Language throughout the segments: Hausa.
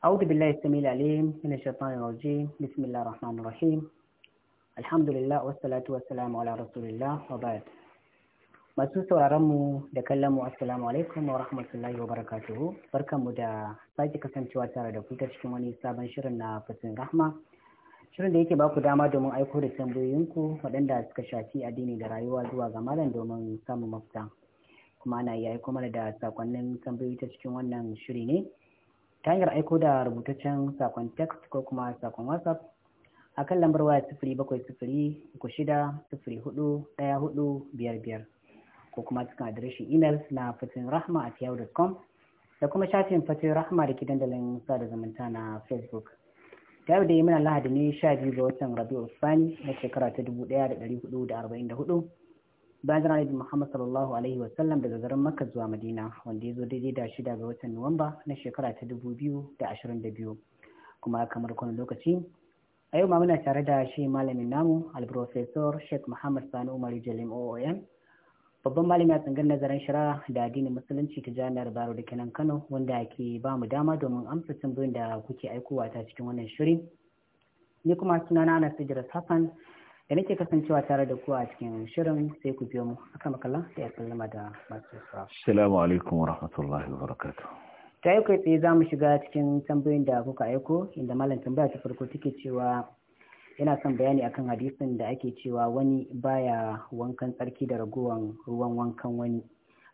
أعوذ بالله السميع العليم من الشيطان الرجيم بسم الله الرحمن الرحيم الحمد لله والصلاة والسلام على رسول الله وبعد masu sauraron mu da kallon mu assalamu alaikum wa rahmatullahi wa barakatuhu barkanmu da sake kasancewa tare da ku ta cikin wani sabon shirin na fasin rahma shirin da yake ba ku dama domin aiko da tambayoyinku waɗanda suka shafi addini da rayuwa zuwa ga malam domin samun mafita kuma ana iya aiko mana da sakonnin tambayoyi ta cikin wannan shiri ne ta hanyar aiko da rubutaccen sakon text ko kuma sakon whatsapp a kan lambar waya sifiri bakwai sifiri uku shida sifiri hudu daya hudu biyar biyar ko kuma cikin adireshin imel na fatin rahma at yahoo.com da kuma shafin fatin rahma da ke dandalin sada zumunta na facebook ta yau da yi mana lahadi ne sha biyu ga watan rabi'u sani na shekara ta dubu daya da dari hudu da arba'in da hudu bayan jiran Muhammad sallallahu alaihi wasallam daga garin Makka zuwa Madina wanda ya zo daidai da shida ga watan Nuwamba na shekara ta dubu biyu da ashirin da biyu kuma kamar kwanan lokaci a yau ma muna tare da shi malamin namu alprofesor Sheikh Muhammad Sani Umar Jalim OOM babban malami a tsangar nazarin shara da addinin musulunci ta jami'ar Baro da kenan Kano wanda ke ba mu dama domin amsa tambayoyin da kuke aikowa ta cikin wannan shirin ni kuma sunana na Idris Hassan da nake kasancewa tare da ku a cikin shirin sai ku biyo mu aka makalla sai a sallama da masu sura. Assalamu alaikum wa rahmatullahi wa barakatu. Ta yi kai tsaye za mu shiga cikin tambayoyin da kuka aiko inda malam tambaya ta farko take cewa yana son bayani akan hadisin da ake cewa wani baya wankan tsarki da ragowar ruwan wankan wani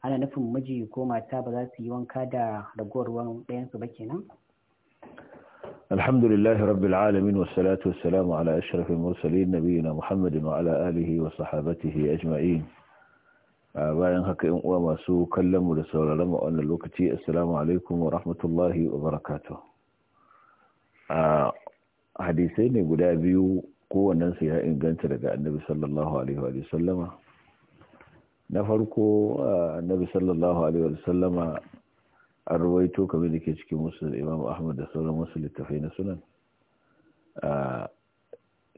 ana nufin miji ko mata ba za su yi wanka da ragowar ruwan ɗayansu ba kenan? الحمد لله رب العالمين والصلاة والسلام على أشرف المرسلين نبينا محمد وعلى آله وصحابته أجمعين bayan haka yan uwa masu kallon mu da sauraron mu a wannan lokaci assalamu alaikum wa rahmatullahi wa barakatuh a hadisai ne guda biyu kowannen su ya inganta daga annabi sallallahu alaihi wa sallama na farko annabi sallallahu alaihi wa sallama an ruwaito kamar da ke cikin musul imam ahmad da sauran wasu littafai na sunan a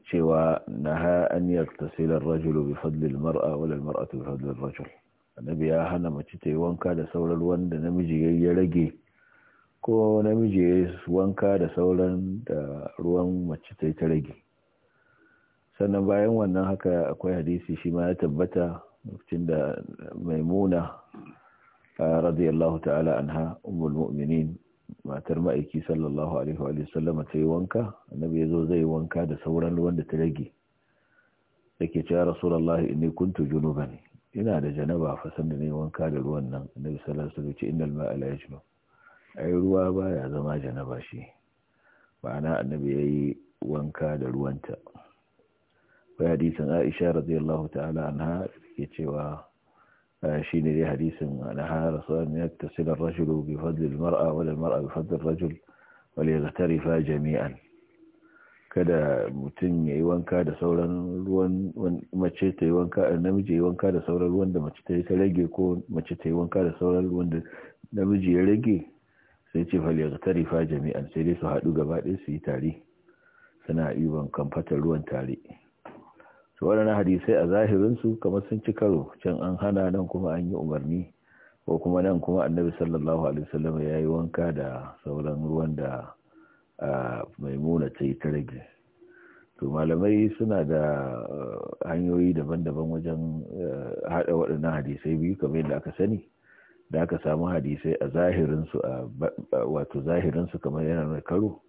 cewa na ha an yaktasila rajulu bi fadlil mar'a wala mar'atu bi fadlil rajul annabi ya hana mace ta yi wanka da sauran wanda namiji yayi ya rage ko namiji ya yi wanka da sauran da ruwan mace ta yi ta rage sannan bayan wannan haka akwai hadisi shi ma ya tabbata lokacin da maimuna radiyallahu ta'ala anha ummul mu'minin matar ma'aiki sallallahu alaihi wa sallama ta yi wanka annabi ya zo zai wanka da sauran ruwan da ta rage yake cewa rasulullahi inni ba ne. ina da janaba fa sanda ne wanka da ruwan nan annabi sallallahu alaihi wasallam ce innal ma'a la yajnu ai ruwa baya zama janaba shi ma'ana annabi yayi wanka da ruwanta bai hadisin Aisha radiyallahu ta'ala anha yake cewa shi ne dai hadisin na hara sa'an ya tasila rajulu bi fadlil mar'a wal mar'a bi fadlil rajul wal yaghtarifa jami'an kada mutum ya yi wanka da sauran ruwan mace ta yi wanka da namiji ya yi wanka da sauran ruwan da mace ta yi ta rage ko mace ta yi wanka da sauran ruwan da namiji ya rage sai ce fal fa jami'an sai dai su haɗu gaba ɗaya su yi tare suna iban kamfatar ruwan tare su waɗannan hadisai a zahirinsu kamar sun ci karo can an hana nan kuma an yi umarni ko kuma nan kuma annabi sallallahu alaihi wasallam ya yi wanka da sauran ruwan da maimuna ta yi ta rage to malamai suna da eh, hanyoyi daban-daban wajen eh, haɗa waɗannan hadisai biyu kamar yadda aka sani da aka samu hadisai a zahirinsu a wato zahirinsu kamar yana mai karo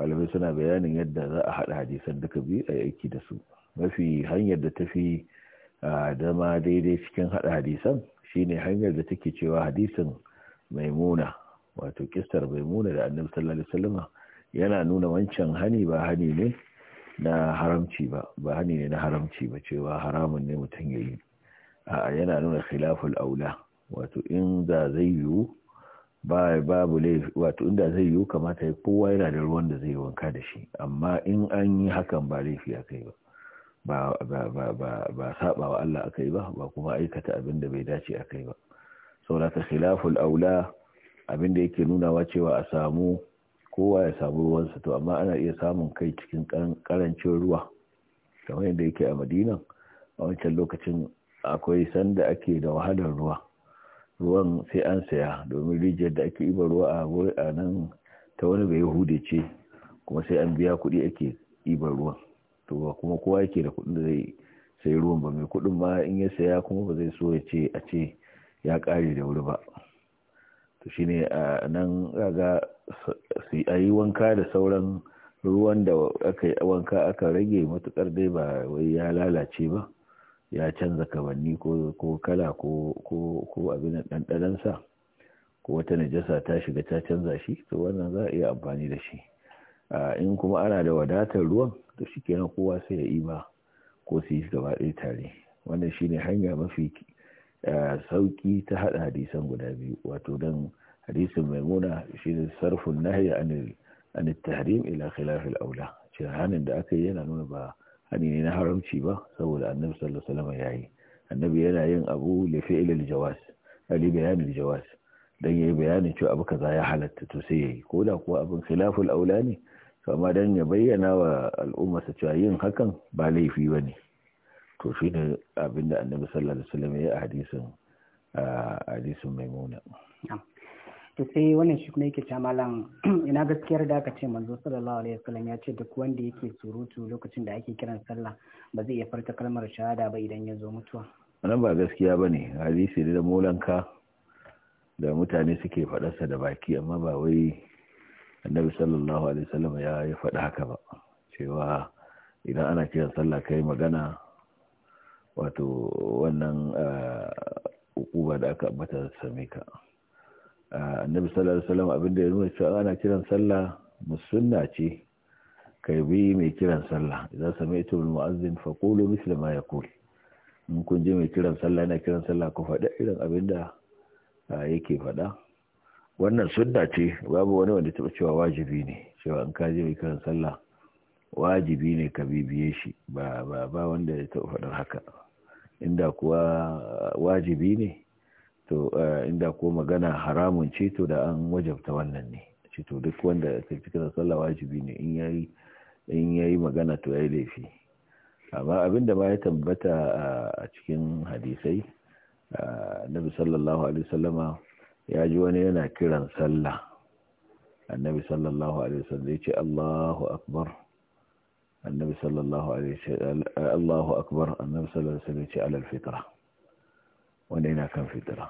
malamai suna bayanin yadda za a haɗa hadisan duka biyu a aiki da su mafi hanyar da ta fi dama daidai cikin hada hadisan shine hanyar da take cewa hadisin maimuna wato kistar maimuna da annabi sallallahu alaihi yana nuna wancan hani ba hani ne na haramci ba ba hani ne na haramci ba cewa haramun ne mutum ya yi yana nuna khilaful aula wato in zai yiwu ba babu wato inda zai yiwu kamata ya kowa yana da ruwan da zai wanka da shi amma in an yi hakan ba laifi a kai ba ba saba wa Allah aka ba ba kuma aikata abin da bai dace aka yi ba saboda ta khilaful aula abin da yake wa cewa a samu kowa ya samu ruwansa to amma ana iya samun kai cikin karancin ruwa kamar yadda yake a madina a wancan lokacin akwai sanda ake da wahalar ruwa ruwan sai an saya domin rijiyar da ake iba ruwa a nan ta wani bai hude ce kuma sai an biya kuɗi ake ibar ruwan to ba kuma kowa yake da kuɗin da zai sai ruwan ba mai kuɗin ma in ya saya kuma ba zai so ya ce a ce ya ƙare da wuri ba to shine a nan ga a yi wanka da sauran ruwan da aka yi wanka aka rage matukar dai ba wai ya lalace ba ya canza kamanni ko kala ko abin ɗanɗanansa ko wata najasa ta shiga ta canza shi to wannan za a iya amfani da shi in kuma ana da wadatar ruwan to shi kenan kowa sai ya ima ko su yi gaba ɗaya tare wannan shine hanya mafi eh, sauki ta haɗa hadisan guda biyu wato don hadisin maimuna shine sarfin nahya anil an tahrim ila khilafil aula ce hanin da aka yi yana nuna ba hani ne na haramci ba saboda annabi sallallahu alaihi wasallam yayi annabi yana yin abu li ilal al jawaz ali bayan jawaz dan yayi bayanin cewa abu kaza ya halatta to sai yayi ko da kuwa abin khilaful aula ne kama don ya bayyana wa al'ummarsa cewa yin hakan ba laifi ba ne to shi ne abin da annabi sallallahu alaihi wasallam ya yi a hadisin hadisin maimuna to sai wannan shi kuma yake malam ina gaskiyar da aka ce manzo sallallahu alaihi wasallam ya ce duk wanda yake surutu lokacin da ake kiran sallah ba zai iya farta kalmar shahada ba idan ya zo mutuwa wannan ba gaskiya ba ne hadisi da molanka da mutane suke faɗarsa da baki amma ba wai annabi sallallahu alaihi wasallam ya yi faɗi haka ba cewa idan ana kiran sallah kai magana wato wannan ah, ukuba da aka ambata same ka ah, annabi sallallahu alaihi wasallam da ya nuna cewa ana kiran sallah musunna ce kai bi mai kiran sallah idan sami'tu al-mu'azzin qulu mithla ma yaqul in kun je mai kiran sallah yana kiran sallah ku faɗa irin abinda ah, yake faɗa wannan sunna ce babu wani wanda taɓa cewa wajibi ne cewa in ka je mai kiran sallah wajibi ne ka bibiye shi ba ba ba wanda ya taɓa faɗin haka inda kuwa wajibi ne to eh, inda ko magana haramun ce to da an wajabta wannan ne ce to duk wanda ka karin sallah wajibi ne in yayi in yayi magana to yayi laifi amma abin da ma ya tambata a cikin hadisai eh, annabi sallallahu alaihi wasallama ya ji wani yana kiran sallah annabi sallallahu alaihi wasallam ya ce Allahu akbar annabi sallallahu alaihi Allahu akbar annabi sallallahu alaihi wasallam ya ce alal fitra wanda yana kan fitra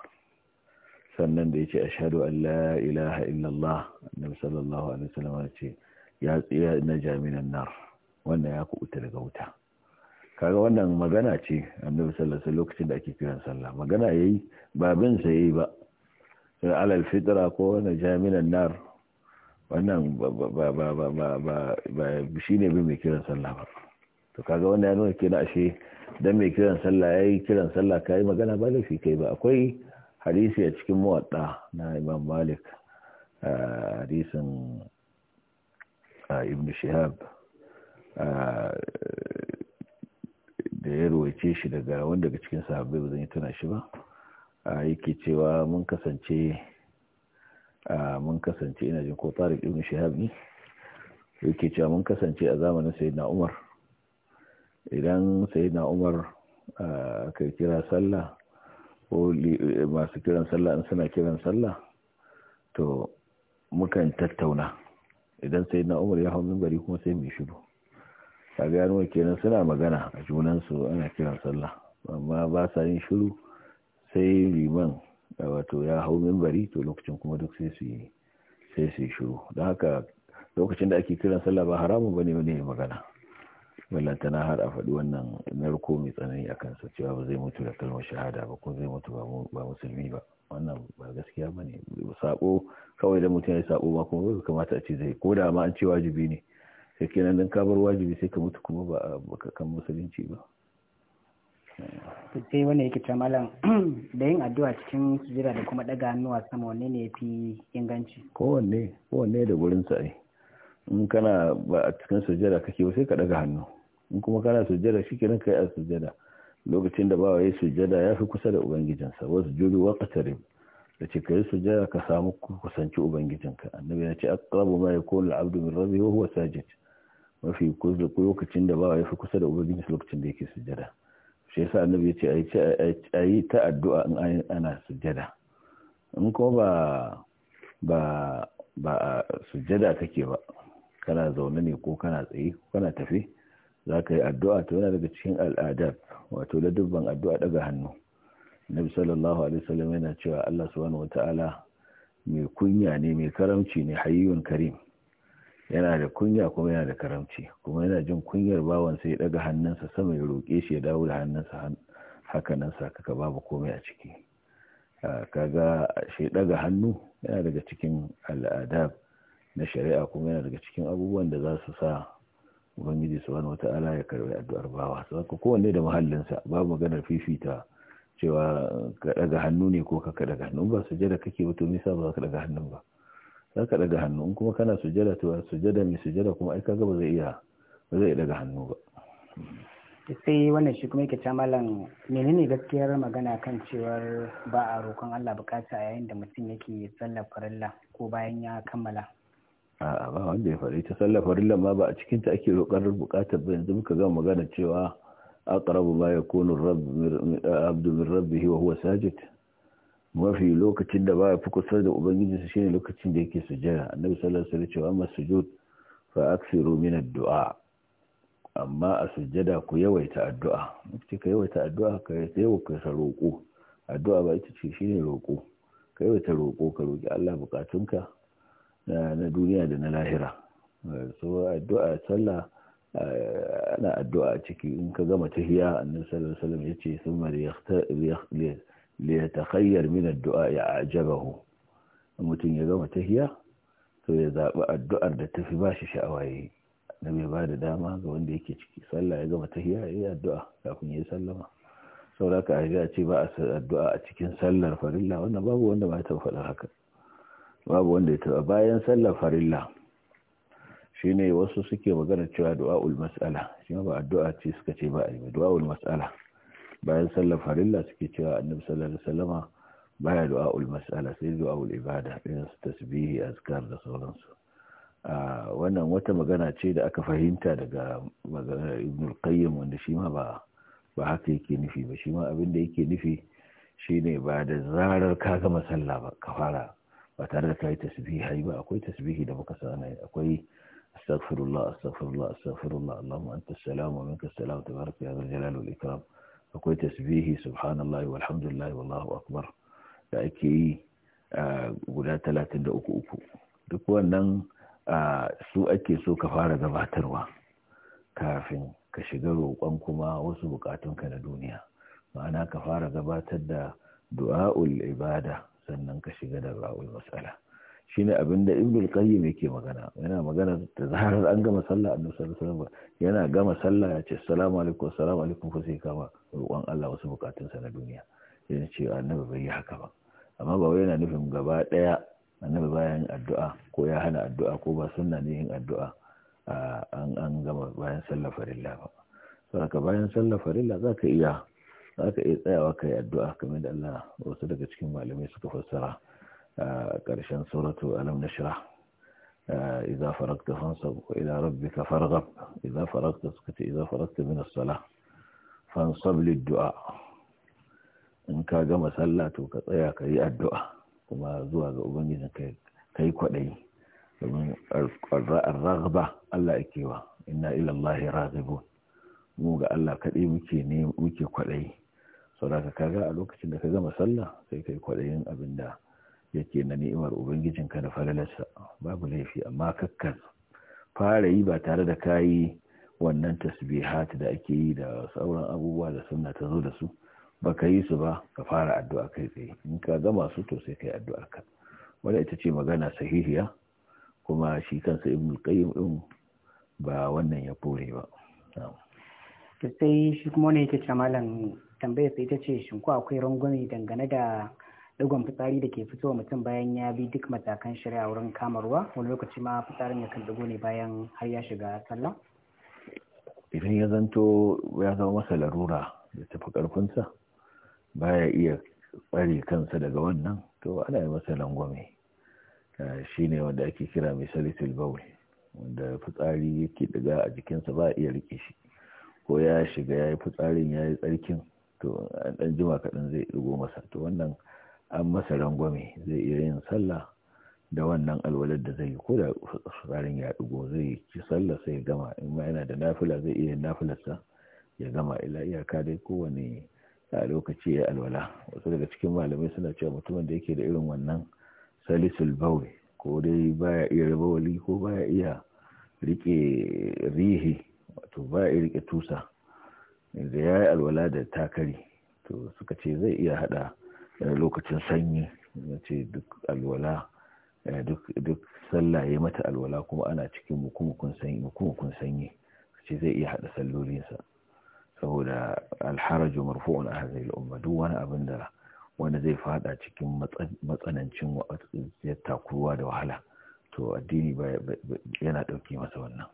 sannan da ya ce ashadu an la ilaha illallah annabi sallallahu alaihi wasallam ya ce ya tsira na jaminan nar wannan ya kubuta daga wuta kaga wannan magana ce annabi sallallahu alaihi lokacin da ake kiran sallah magana yayi ba bin sa yayi ba alal fitra ko wani jaminan nar wannan ba shi ne bin mai kiran sallah ba to kaga wanda ya nuna kira ashe dan mai kiran sallah yayi kiran sallah kai magana ba laifi kai ba akwai hadisi a cikin muwadda na Imam Malik hadisin Ibn Shihab da ya ruwaice shi daga wanda daga cikin sahabbai ba zan yi tuna shi ba yake cewa mun kasance mun kasance ina jin ko tarik ibn shihab yake cewa mun kasance a zamanin sayyidina umar idan sayyidina umar aka kira sallah ko masu kiran sallah in suna kiran sallah to mukan tattauna idan sayyidina umar ya hau minbari kuma sai mu shiru kaga ya kenan suna magana a junansu ana kiran sallah amma ba sa yin shiru sai liman eh, wato ya hau mimbari to lokacin kuma duk sai su sai su shiru don haka lokacin da ake kiran sallah ba haramun bane ne ya magana ballanta har a faɗi wannan narko mai tsanani a kansa cewa ba zai mutu da kalmar shahada ba ko zai mutu ba musulmi ba wannan ba gaskiya ba ne sabo kawai da mutum ya sabo ba kuma bai kamata a ce zai ko da ma an ce wajibi ne sai kenan dan ka wajibi sai ka mutu kuma ba kan musulunci ba Eh, sai wani yake ta malam da yin addu'a cikin sujira da kuma daga hannuwa sama wanne ne fi inganci kowanne kowanne da gurin sa in kana ba a cikin sujira kake ba sai ka daga hannu in kuma kana sujira shi kenan kai a sujira lokacin da bawa yayi sujira ya fi kusa da ubangijinsa wasu juri wa katare da ce yi sujira ka samu kusanci ubangijinka annabi ya ce aqrabu ma yakunu al-abdu min rabbihi wa huwa sajid mafi kusa lokacin da bawa ya fi kusa da ubangijinsa lokacin da yake sujada shi yasa annabi ya ce a yi ta addu'a in ana sujjada in ko ba ba ba a sujjada kake ba kana zaune ne ko kana tsaye ko kana tafi za ka yi addu'a to yana daga cikin al'adar wato da dubban addu'a daga hannu nabi sallallahu alaihi wasallam yana cewa Allah subhanahu wata'ala mai kunya ne mai karamci ne hayyun karim yana da kunya kuma yana da karamci kuma yana jin kunyar bawan sai ya daga hannunsa sama ya roƙe shi ya dawo da hannunsa haka nan sakaka babu komai a ciki kaga shi daga hannu yana daga cikin al'adab na shari'a kuma yana daga cikin abubuwan da za su sa ubangiji wata ala ya karbi addu'ar bawa saboda kowanne da muhallinsa babu maganar fifita cewa ka daga hannu ne ko ka daga hannu ba su je da kake ba to me yasa ba ka daga hannun ba za ka daga hannu in kuma kana sujada to sujada mai sujada kuma ai kaga ba zai iya ba zai daga hannu ba sai wannan shi kuma yake ta malam menene gaskiyar magana kan cewar ba a roƙon Allah bukata yayin da mutum yake sallar farilla ko bayan ya kammala a'a ba wanda ya faɗi ta sallar farilla ma ba a cikin ta ake roƙar bukatar ba yanzu muka ga magana cewa aqrabu ma yakunu ar min abdu min rabbihi wa huwa sajid mafi lokacin da ba a fi kusa da ubangijinsa shine lokacin da yake sujjada annabi sallallahu alaihi wasallam cewa amma sujud fa aksiru min ad-du'a amma a sujjada ku yawaita addu'a kace ka yawaita addu'a ka yawaita roƙo addu'a ba ita ce shine roƙo ka yawaita roƙo ka roƙi Allah bukatunka na duniya da na lahira so addu'a sallah eh, ana addu'a ciki in ka gama tahiya annabi sallallahu alaihi wasallam yace summa li min addu'a ya ajabahu mutum ya gama tahiya to ya zaɓi addu'ar da tafi ba shi sha'awa yi na mai ba da dama ga wanda yake ciki sallah ya gama tahiya ya yi addu'a kafin ya yi sallama sauraka a ce ba a addu'a a cikin sallar farilla wannan babu wanda ba ta faɗa haka babu wanda ya taɓa bayan sallar farilla shine wasu suke magana cewa du'a'ul mas'ala shi ba addu'a ce suka ce ba a yi du'a'ul mas'ala bayan sallar farilla suke cewa annabi sallallahu alaihi wasallama baya du'a'ul mas'ala sai du'a'ul ibada irin su tasbihi azkar da sauransu wannan wata magana ce da aka fahimta daga maganar ibn qayyim wanda shi ma ba ba haka yake nufi ba shi ma abin da yake nufi shine ba da zarar ka gama sallah ba ka fara ba tare da kai tasbihi ba akwai tasbihi da muka sana akwai astaghfirullah astaghfirullah astaghfirullah allahumma anta salam wa minka salam tabaraka ya zal jalali wal ikram akwai tasbihi subhanallahi walhamdulillahi wallahu akbar da ake yi guda talatin da uku uku duk wannan su ake so ka fara gabatarwa kafin ka shiga roƙon kuma wasu bukatunka na duniya ma'ana ka fara gabatar da du'a'ul ibada sannan ka shiga da ra'ul matsala. shine abin da ibnul qayyim yake magana yana magana da zarar an gama sallah annabi sallallahu alaihi wasallam yana gama sallah ya ce assalamu alaikum assalamu alaikum fa sai kama roƙon Allah wasu bukatun sa na duniya yana ce annabi bai yi haka ba amma ba wai yana nufin gaba daya annabi bayan addu'a ko ya hana addu'a ko ba sunna ne yin addu'a an an gama bayan sallah farilla ba saboda bayan sallah farilla zaka iya zaka iya tsayawa kai addu'a kamar da Allah wasu daga cikin malamai suka fassara ƙarshen suratu alam nashra idza faragta fansab ila rabbika farghab idza faragta suka idza faragta min as-salah fansab lid-du'a in ka gama sallah to ka tsaya ka yi addu'a kuma zuwa ga ubangijin kai yi kwaɗayi domin raghaba Allah yake wa inna ila Allah raghibun mu ga Allah kaɗai muke ne muke kwaɗayi saboda kaga a lokacin da ka gama sallah sai kai kwaɗayin abinda. da yake na ni'imar ubangijinka da falalarsa babu laifi amma kakkan fara yi ba tare da kayi wannan tasbihat da ake yi da sauran abubuwa da sunna ta zo da su baka yi su ba ka fara addu'a kai tsaye in ka gama su to sai kai addu'ar ka wanda ita ce magana sahihiya kuma shi kansa ibnul qayyim din ba wannan ya fore ba to sai shi kuma ne yake ce malam tambayar sai ita ce shin ko akwai rangwame dangane da ɗigon fitsari da ke fitowa mutum bayan ya bi duk matakan shari'a wurin kama ruwa wani lokaci ma fitsarin ya kan ne bayan har ya shiga sallah idan ya zanto ya zama masa larura da tafi karfinsa baya iya tsare kansa daga wannan to ana yi masa langwame eh, shi ne wanda ake kira mai salisil baul wanda fitsari yake daga a jikinsa ba iya rike shi ko ya shiga ya yi fitsarin ya yi tsarkin to an ɗan jima kaɗan zai ɗigo masa to wannan an masa rangwame zai iya yin sallah da wannan alwalar da zai yi ko da tsarin ya ɗigo zai ci sallah sai ya gama in ma yana da nafila zai iya nafilarsa ya gama ila iyaka dai kowane a lokaci ya alwala wasu daga cikin malamai suna cewa mutumin da yake da irin wannan salisul bawi ko dai baya iya raba wali ko baya iya rike rihi wato baya iya rike tusa da ya yi alwala da takari to suka ce zai iya hada Eh, lokacin sanyi ce duk alwala eh, duk sallah ya mata alwala kuma ana cikin mukumukun sanyi mukumukun ce zai iya hada sallolinsa saboda alharajo marfu'un a hadhihi da wani abin da wanda zai fada cikin matsanancin ya takuruwa da wahala to addini yana dauki masa wannan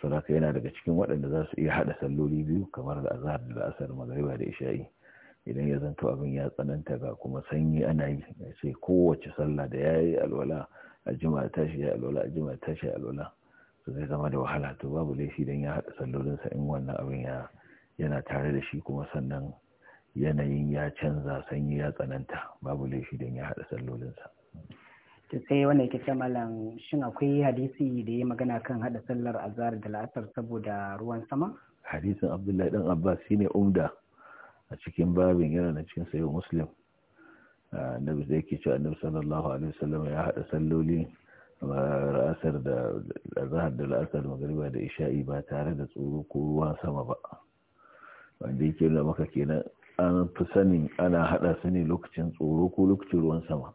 saboda yana daga cikin waɗanda za su iya hada salloli biyu kamar da azhar da asar magariba da isha'i idan ya zanto abin ya tsananta ga kuma sanyi ana yi sai kowace sallah da ya yi alwala a jima shi ya alwala a jima shi alwala to zai zama da wahala to babu laifi idan ya haɗa sallolinsa in wannan abin ya yana tare da shi kuma sannan yanayin ya canza sanyi ya tsananta babu laifi idan ya haɗa sallolinsa to sai wanda yake ce malam shin akwai hadisi da ya magana kan haɗa sallar azhar da la'asar saboda ruwan sama hadisin abdullahi dan abbas shine umda a cikin babin yana na cikin sayo muslim Nabi zai ke cewa annabi sallallahu alaihi wasallam ya hada salloli ra'asar da zahar da la'asar magariba da isha'i ba tare da tsoro ko ruwan sama ba wanda yake nuna maka kenan an fi sanin ana hada su ne lokacin tsoro ko lokacin ruwan sama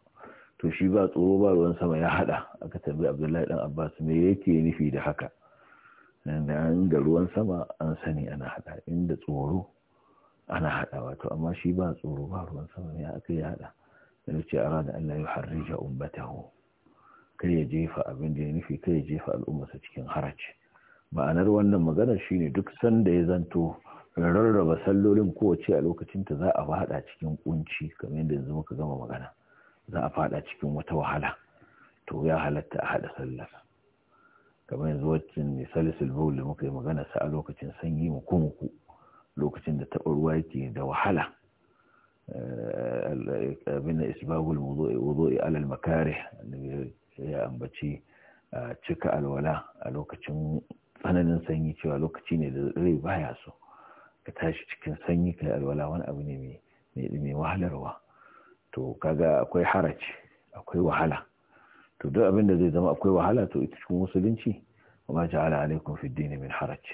to shi ba tsoro ba ruwan sama ya hada. aka tambayi abdullahi dan abbas me yake nufi da haka da ruwan sama an sani ana hada inda tsoro ana hada wato amma shi ba tsoro ba ruwan sama ne aka yi hada. da ce ara da Allah ya harrija ummatahu kai ya jefa abin da ya nufi kai ya jefa al'ummarsa cikin haraci ma'anar wannan magana shine duk sanda ya zanto rarraba sallolin kowace a lokacin ta za a fada cikin kunci kamar yadda yanzu muka gama magana za a fada cikin wata wahala to ya halatta a hada sallar kamar yanzu wacce ne salisul bawl muka yi magana sa a lokacin sanyi mu muku lokacin da taɓa ruwa yake da wahala eh, abin da isbabul wudu'i alal makarih ya ambaci cika alwala a lokacin tsananin sanyi cewa lokaci ne da rai baya so ka tashi cikin sanyi kai alwala wani abu ne mai wahalarwa to kaga akwai haraci akwai wahala to duk abin da zai zama akwai wahala to ita cikin musulunci wa ma ja'ala alaikum fi din min haraci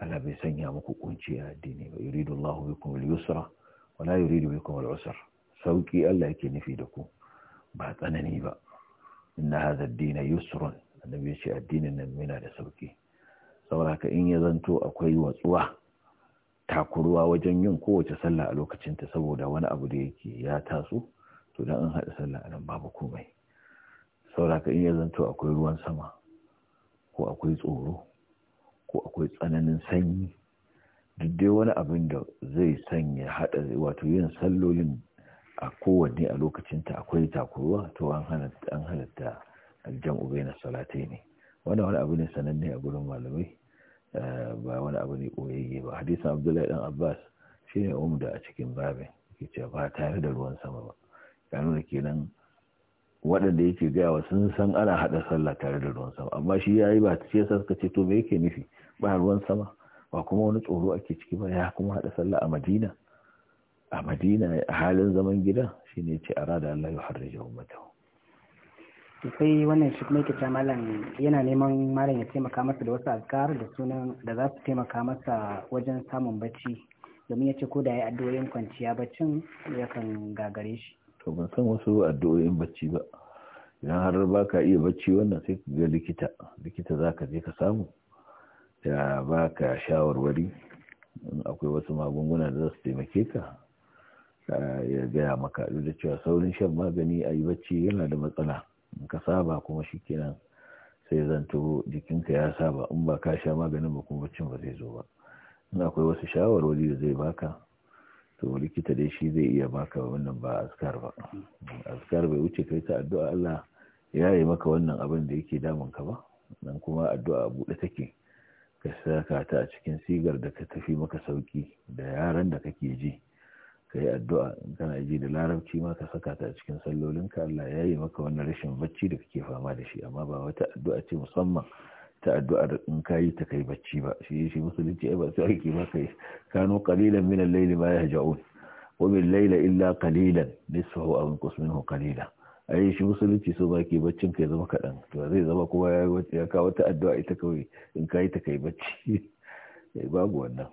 Allah bai sanya muku kunci a addini ba yuridu Allahu bikum al-yusra wa la yuridu bikum al sauki Allah yake nufi da ku ba tsanani ba inna hadha ad-din yusrun annabi ya ce addinin nan yana da sauki saboda haka in ya zanto akwai watsuwa takuruwa wajen yin kowace sallah a lokacinta saboda wani abu da yake ya taso to dan an haɗa sallah nan babu komai saboda haka in ya zanto akwai ruwan sama ko akwai tsoro ko akwai tsananin sanyi duk dai wani abin da zai sanya haɗa wato yin sallolin a kowanne a lokacinta akwai takuruwa to an halatta aljan ubai na salatai ne wannan wani abu ne sananne a gurin malamai eh, ba wani abu ne koyayye ba hadisin abdullahi dan abbas shi ne umda a cikin babin yake cewa ba tare da ruwan sama ba ya nuna kenan waɗanda yake gayawa sun san ana hada sallah tare da ruwan sama amma shi ya yi ba ce sa suka ce to me yake nufi ba ruwan sama ba kuma wani tsoro ake ciki ba ya kuma haɗa sallah a madina a madina a halin zaman gida shine ce a rada Allah ya jawo mata sai wannan shi kuma yake malam yana neman malam ya taimaka masa da wasu azkar da sunan da za su taimaka masa wajen samun bacci domin ya ce ko da ya addu'o'in kwanciya baccin yakan gagare shi to ban san wasu addu'o'in bacci ba idan har ba ka iya bacci wannan sai ka ga likita likita za ka je ka samu Ya baka shawarwari akwai wasu magunguna da za su taimake ka ya gaya maka duk da cewa saurin shan magani a yi bacci yana da matsala in ka saba kuma shi kenan sai zanto jikinka ya saba in ba ka sha maganin ba kuma baccin ba zai zo ba in akwai wasu shawarwari da zai baka to likita dai shi zai iya baka wannan ba askar ba Askar bai wuce kai ta addu'a Allah ya yi maka wannan abin da yake damun ka ba nan kuma addu'a buɗe take ka saka ta a cikin sigar da ka tafi maka sauki da yaran da kake ji ka yi addu'a in kana ji da larabci ma ka saka ta a cikin sallolinka Allah ya yi maka wannan rashin bacci da kake fama da shi amma ba wata addu'a ce musamman ta addu'a da in ka yi ta kai bacci ba shi shi musulunci ai ba su ake maka kano kalilan min al-layli ma yahja'un wa min layla illa qalilan nisfahu aw inqus minhu qalilan ai shi musulunci so baki baccin ka zama kaɗan to zai zama kuma ya ya kawo wata addu'a ita kawai in ka yi ta kai bacci eh, babu wannan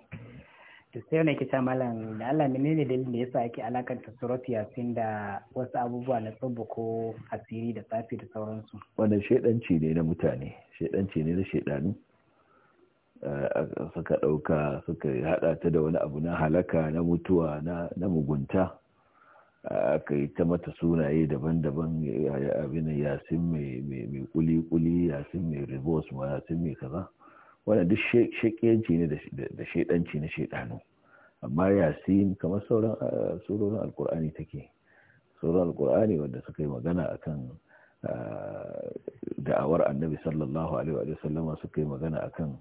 to sai wani kita malam da Allah menene dalilin da yasa ake alakanta surat yasin da wasu abubuwa na tsubbu ko asiri da tsafi da sauransu wannan shedanci ne na mutane shedanci ne na shedanu eh, suka ɗauka suka haɗa ta da wani abu na halaka na mutuwa na mugunta aka yi ta mata sunaye daban-daban abin yasin mai kuli-kuli yasin mai reverse ma yasin mai kaza wadda duk shekiyanci ne da shaidanci na shaidanu amma yasin kamar sauran ah, surorin alkur'ani take surorin alkur'ani wanda suka yi magana akan ah, da'awar annabi sallallahu alaihi wa sallama suka yi magana akan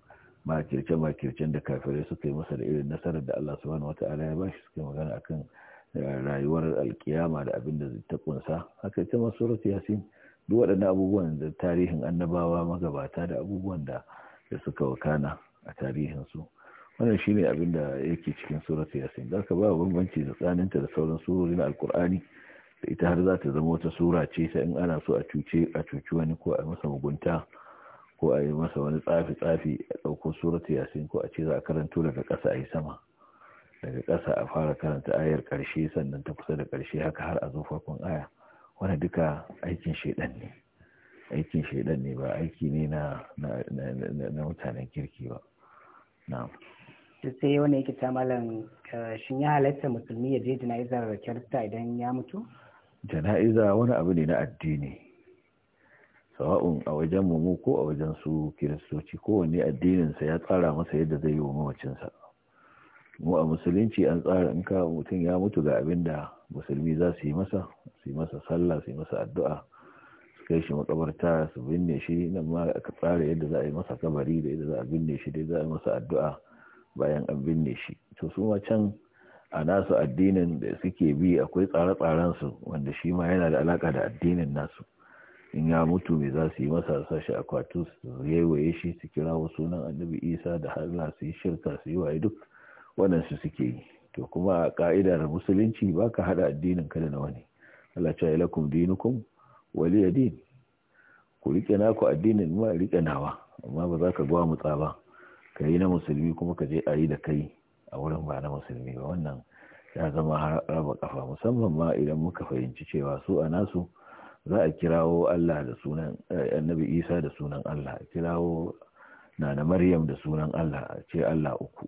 makirce-makircen da kafirai suka yi masa da irin nasarar da Allah subhanahu ya bashi suka yi magana akan rayuwar alkiyama da abin da ta kunsa haka ita ma surat yasin duk waɗannan abubuwan da tarihin annabawa magabata da abubuwan da da suka wakana a tarihin su wannan shine abin da yake cikin surat yasin da ka ba bambanci tsakaninta da sauran surori na alkur'ani da ita har za ta zama wata sura ce ta in ana so a cuce a cuci wani ko a masa mugunta ko a yi masa wani tsafi tsafi a ɗauko surat yasin ko a ce za a karanto daga ƙasa a yi sama daga ƙasa a fara karanta ayar ƙarshe sannan ta kusa da ƙarshe haka har a zo farkon aya wani duka aikin shaidan ne aikin shaidan ne ba aiki ne na mutanen kirki ba na sai wani yake ta malam shin ya halatta musulmi ya je jana'izar kirista idan ya mutu jana'iza wani abu ne na addini sawa'un a wajen mu ko a wajen su kiristoci kowanne addininsa ya tsara masa yadda zai yi wa mawacinsa mu a musulunci an tsara in ka mutum ya mutu ga abin da musulmi za su yi masa su yi masa sallah su yi masa addu'a su kai shi makabarta su binne shi nan ma aka tsara yadda za a yi masa kabari da yadda za a binne shi da za a yi masa addu'a bayan an binne shi to su ma can a nasu addinin da suke bi akwai tsare-tsaren su wanda shi ma yana da alaka da addinin nasu in ya mutu me za su yi masa sashi akwatu su yawaye shi su kira sunan annabi isa da har su yi shirka su yi waye duk waɗansu suke yi to kuma a ka'idar musulunci ba ka haɗa addinin ka da na wani Allah ce lakum dinukum waliya din ku riƙe naku addinin ma riƙe nawa amma ba za ka gwa mutsa ba ka yi na musulmi kuma ka je a yi da kai a wurin ba na musulmi ba wannan ya zama raba kafa musamman ma idan muka fahimci cewa su a nasu za a kirawo Allah da sunan eh, annabi Isa da sunan Allah kirawo na na Maryam da sunan Allah ce Allah uku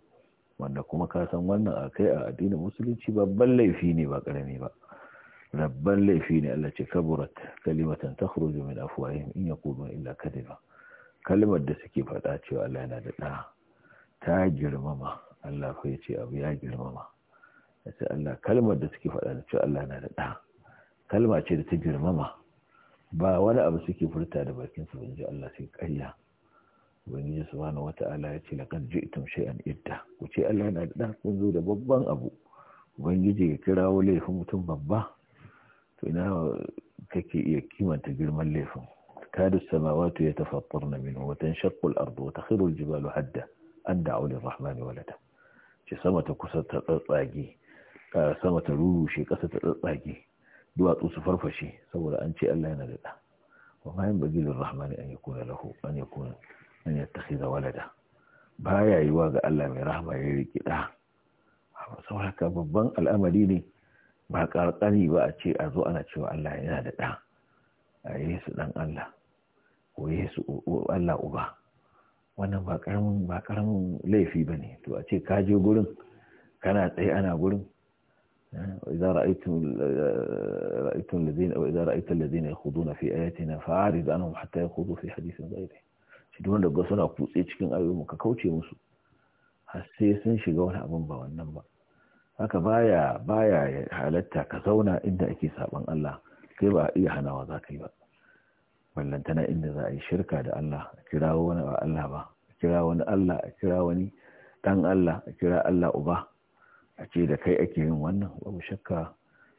wanda kuma ka san wannan a kai a addinin musulunci babban laifi ne ba karami ba babban laifi ne Allah ce kaburat kalimatan takhruju min afwahihim in yaqulu illa kadiba kalmar da suke faɗa cewa Allah yana da da ta girmama Allah ko yace abu ya girmama sai Allah kalmar da suke faɗa da cewa Allah yana da da kalma ce da ta girmama ba wani abu suke furta da bakin su ji Allah sai ƙarya ubangiji subhanahu wata'ala ya ce laqad ji'tum shay'an idda ku ce Allah yana da kun zo da babban abu ubangiji ya kirawo laifin mutum babba to ina kake iya kimanta girman laifin تكاد السماوات يتفطرن منه وتنشق الأرض وتخر الجبال حدا أن دعوا للرحمن ولدا ce sama ta kusa ta tsatsage sama ta rushe ƙasa ta tsatsage duwatsu su farfashe saboda an ce Allah yana da ɗa wa ma yin bagilin rahmani an yakuna lahu an yakuna an yattakhidha walada yi yiwa ga Allah mai rahama ya riki da haka babban al'amari ne ba karkani ba a ce a zo ana cewa Allah yana da da a Yesu dan Allah ko Yesu Allah uba wannan ba karamin ba karamin laifi bane to a ce ka je gurin kana tsaye ana gurin وإذا رأيتم رأيتم الذين وإذا رأيت الذين يخوضون في آياتنا فأعرض عنهم حتى يخوضوا في حديث غيره duk wanda ga suna kutse cikin mu ka kauce musu har sai sun shiga wani abin ba wannan ba haka baya baya halatta ka zauna inda ake saban Allah kai ba iya hanawa za ka yi ba ballantana inda za a yi shirka da Allah a kira wani ba Allah ba a kira wani Allah a kira wani dan Allah a kira Allah uba a ce da kai ake yin wannan babu shakka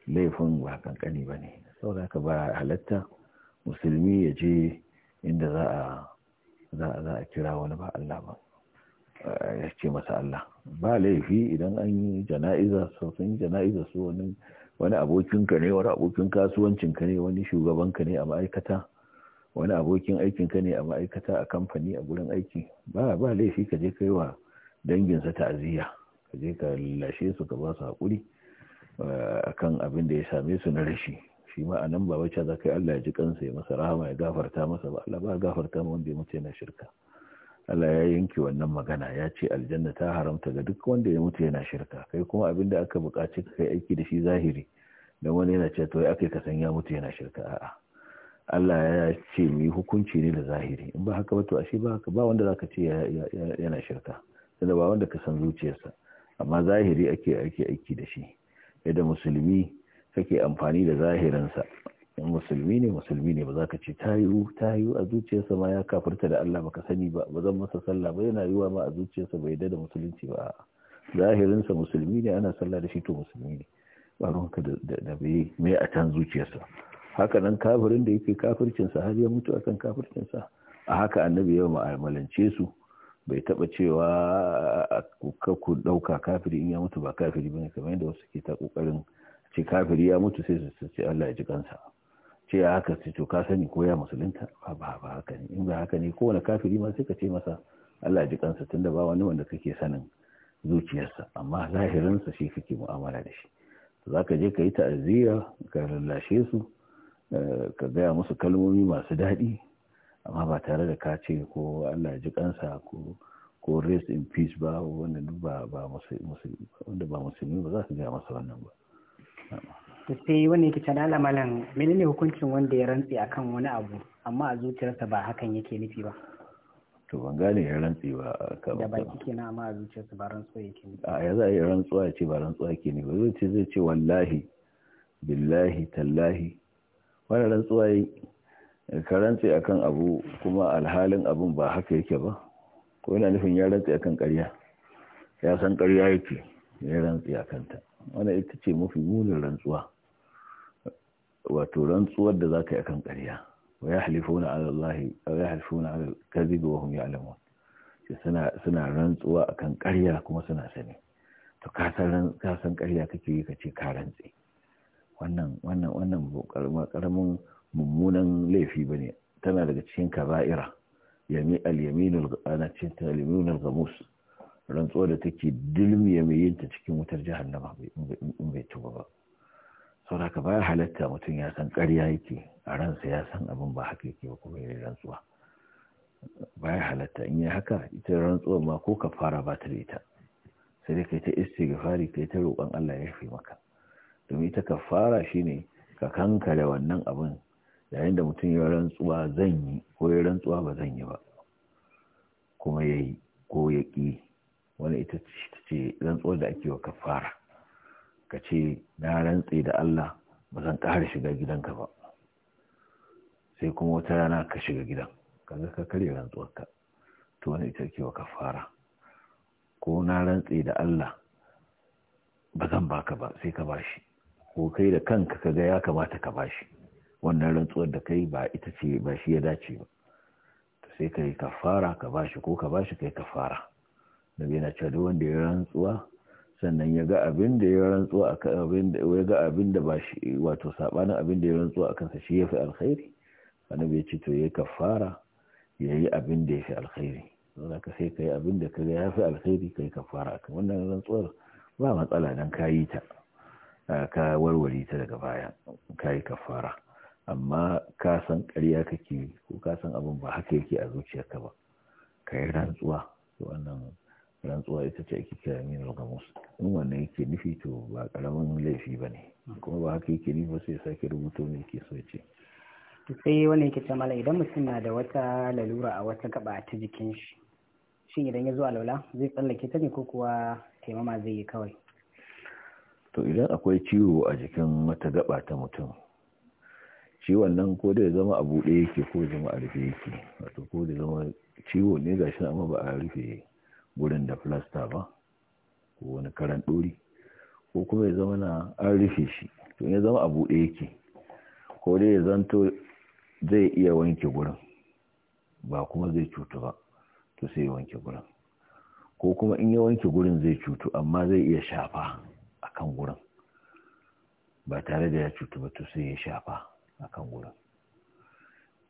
laifin ba kankani ba ne saboda haka ba halatta musulmi ya je inda za a za a kira wani ba Allah ba eh, ya ce masa Allah ba laifi idan an yi jana'iza sun jana'iza su wani wani abokinka ne wani abokin ka ne wani shugabanka ne a ma'aikata wani abokin aikin ka ne a ma'aikata a kamfani a gurin aiki ba ba laifi ka je kai wa danginsa ta'aziyya ka je ka lashe su ka ba su haƙuri eh, akan abin da ya same su na rashi shi ma anan ba wacce za kai Allah ya ji kansa ya masa rahama ya gafarta masa ba Allah ba gafarta ma wanda ya mutu yana shirka Allah ya yanke wannan magana ya ce aljanna ta haramta ga duk wanda ya mutu yana shirka kai kuma abin da aka buƙaci ka kai aiki da shi zahiri dan wani yana cewa to ai akai ka san ya mutu yana shirka a'a Allah ya ce mu hukunci ne da zahiri in ba haka ba to ashe ba ba wanda zaka ce yana shirka da ba wanda ka san zuciyarsa amma zahiri ake ake aiki da shi yadda musulmi kake amfani da zahirinsa in musulmi ne musulmi ne ba za ka ce ta Ta haihu a zuciyarsa ma ya kafirta da Allah baka sani ba ba zan masa sallah ba yana yiwa ma a zuciyarsa bai da musulunci ba zahirinsa musulmi ne ana sallah da shi to musulmi ne ba ruwanka da bai mai a can zuciyarsa haka nan kafirin da yake kafircinsa har ya mutu akan kafircinsa a haka annabi ya ma'amalance su bai taba cewa ka ku dauka kafiri in ya mutu ba kafiri bane kamar yadda wasu ke ta kokarin ce kafiri ya mutu sai su ce Allah ya ji kansa ce ya haka ce to ka sani ko ya musulunta ba ba ba haka ne in ba haka ne kowane kafiri ma sai ka ce masa Allah ya ji kansa tunda ba wani wanda kake sanin zuciyarsa amma lahirinsa shi kake mu'amala da shi za ka je ka yi ta'aziyya ka lallashe su eh, ka gaya musu kalmomi masu daɗi amma ba tare da ka ce ko Allah ji kansa ko ko rest in peace ba wanda ba ba musulmi wanda ba musulmi ba za su gaya masa wannan ba to sai wani yake can lamalan, malam menene hukuncin wanda ya rantse akan wani abu amma a zuciyarsa ba hakan yake nufi ba to ban gane ya rantse ba ka da baki na amma a zuciyarsa ba rantsuwa yake nufi a ya za a yi rantsuwa ya ce ba rantsuwa yake ne ba zai ce zai ce wallahi billahi tallahi wani rantsuwa yi ka rantse akan abu kuma alhalin abun ba haka yake ba ko yana nufin ya rantse akan ƙarya ya san ƙarya yake ya rantse akan ta Wani ita ce mafi munin rantsuwa wato rantsuwar da zaka yi akan ƙarya wa yahlifuna ala allahi aw yahlifuna ala wa hum ya'lamun suna suna rantsuwa akan ƙarya kuma suna sani to ka san ƙarya kake yi kace ka rantse wannan wannan wannan karamin mummunan laifi bane tana daga cikin kaba'ira yami al al-yaminul ghamus rantsuwa da take dulmiya mai yinta cikin wutar jihar nama in bai tuba ba saboda ka baya halatta mutum ya san ƙarya yake a ransa ya san abin ba haka yake ba kuma ya rantsuwa baya halatta in yi haka ita rantsuwa ma ko ka fara ba ta da ita sai dai kai ta ga ka kai ta roƙon Allah ya fi maka domin ita ka fara shi ne ka kankare wannan abin yayin da mutum ya rantsuwa zan yi ko ya rantsuwa ba zan yi ba kuma ya yi ko ya ƙi wani ita ce rantsuwar da ake wa kafara ka ce na rantse da Allah ba zan ƙara shiga gidanka ba sai kuma wata rana ka shiga gidan kaga ka karya rantsuwarka to wani ita ke wa kafara ko na rantse da Allah ba zan baka ba sai ka bashi ko kai da kanka ka ga ya kamata ka bashi wannan rantsuwar da kai ba ita ce ba shi ya dace ba sai ka yi kafara ka bashi ko ka bashi kai kafara nabi yana cewa duk wanda ya rantsuwa sannan ya ga abin da ya rantsuwa a abin ya ga abin da ba shi wato sabanin abin da ya rantsuwa a kansa shi ya fi alkhairi annabi ya ce to yayi kafara yayi abin da ya fi alkhairi don haka sai kai abin da ya fi alkhairi kai kafara akan wannan rantsuwar ba matsala dan kayi ta ka warware ta daga baya kayi kafara amma ka san ƙarya kake ko ka san abin ba haka yake a zuciyarka ba ka yi rantsuwa wannan rantsuwa ita ce ake kira min al-gamus in wannan yake nufi to ba karamin laifi ba ne kuma ba haka yake nufi sai sake rubuto ne ke so ce sai wani yake ce mala idan mutum na da wata lalura a wata gaba ta jikin shi shin idan ya zo alwala zai tsallake ta ne ko kuwa taimama zai yi kawai to idan akwai ciwo a jikin wata gaba ta mutum ciwon nan ko da ya zama a buɗe yake ko zama a rufe yake wato ko da zama ciwo ne gashi amma ba a rufe gurin da filasta ba ko wani karan ɗori ko kuma ya zama na an rufe shi to ya zama a buɗe yake ko dai ya zanto zai iya wanke gurin ba kuma zai cutu ba to sai ya wanke gurin ko kuma in ya wanke gurin zai cutu amma zai iya shafa a kan gurin ba tare da ya cutu ba to sai ya shafa a kan gurin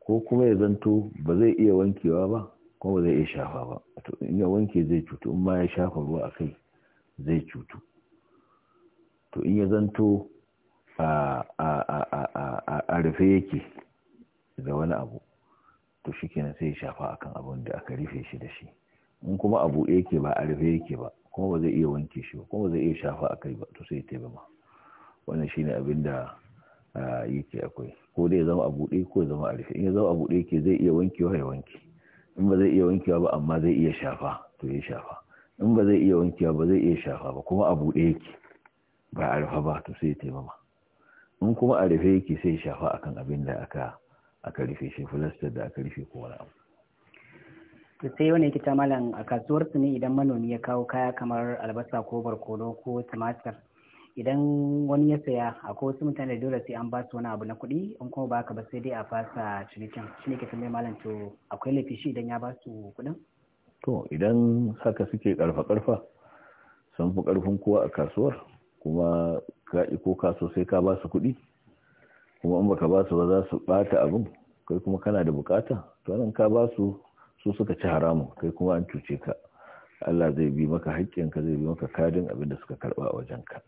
ko kuma ya zanto ba zai iya wankewa ba ko ba zai iya shafa ba to in ya wanke zai cutu in ma ya shafa ruwa a kai zai cutu to in ya zanto a rufe yake da wani abu to shi kenan sai ya shafa akan abin da aka rufe shi da shi in kuma abu yake ba a rufe yake ba kuma ba zai iya wanke shi ba kuma ba zai iya shafa a kai ba to sai ya taimama wannan shine abin da yake akwai ko dai ya zama a buɗe ko ya zama a rufe in ya zama a buɗe yake zai iya wankewa ya wanke in ba zai iya wankewa ba amma zai iya shafa to ya shafa in ba zai iya wankewa ba zai iya shafa ba kuma a buɗe yake ba a rufe ba to sai ya taimama in kuma a rufe yake sai ya shafa akan abin da aka aka rufe shi fulastar da aka rufe ko wani abu to sai wani yake ta malam a kasuwar su ne idan manomi ya kawo kaya kamar albasa ko barkono ko tumatir idan wani ya saya akwai wasu mutane da dole sai an ba su wani abu na kuɗi in kuma ba ka ba sai dai a fasa cinikin shi ne ke tambaye malam to akwai laifi shi idan ya ba su kuɗin to idan haka suke karfa karfa sun fi karfin kowa a kasuwar kuma ka ko kaso sai ka ba su kuɗi kuma in baka ba su ba za su bata abin kai kuma kana da bukata to nan ka ba su su suka ci haramun kai kuma an cuce ka Allah zai bi maka haƙƙinka zai bi maka kadin abin da suka karɓa a wajenka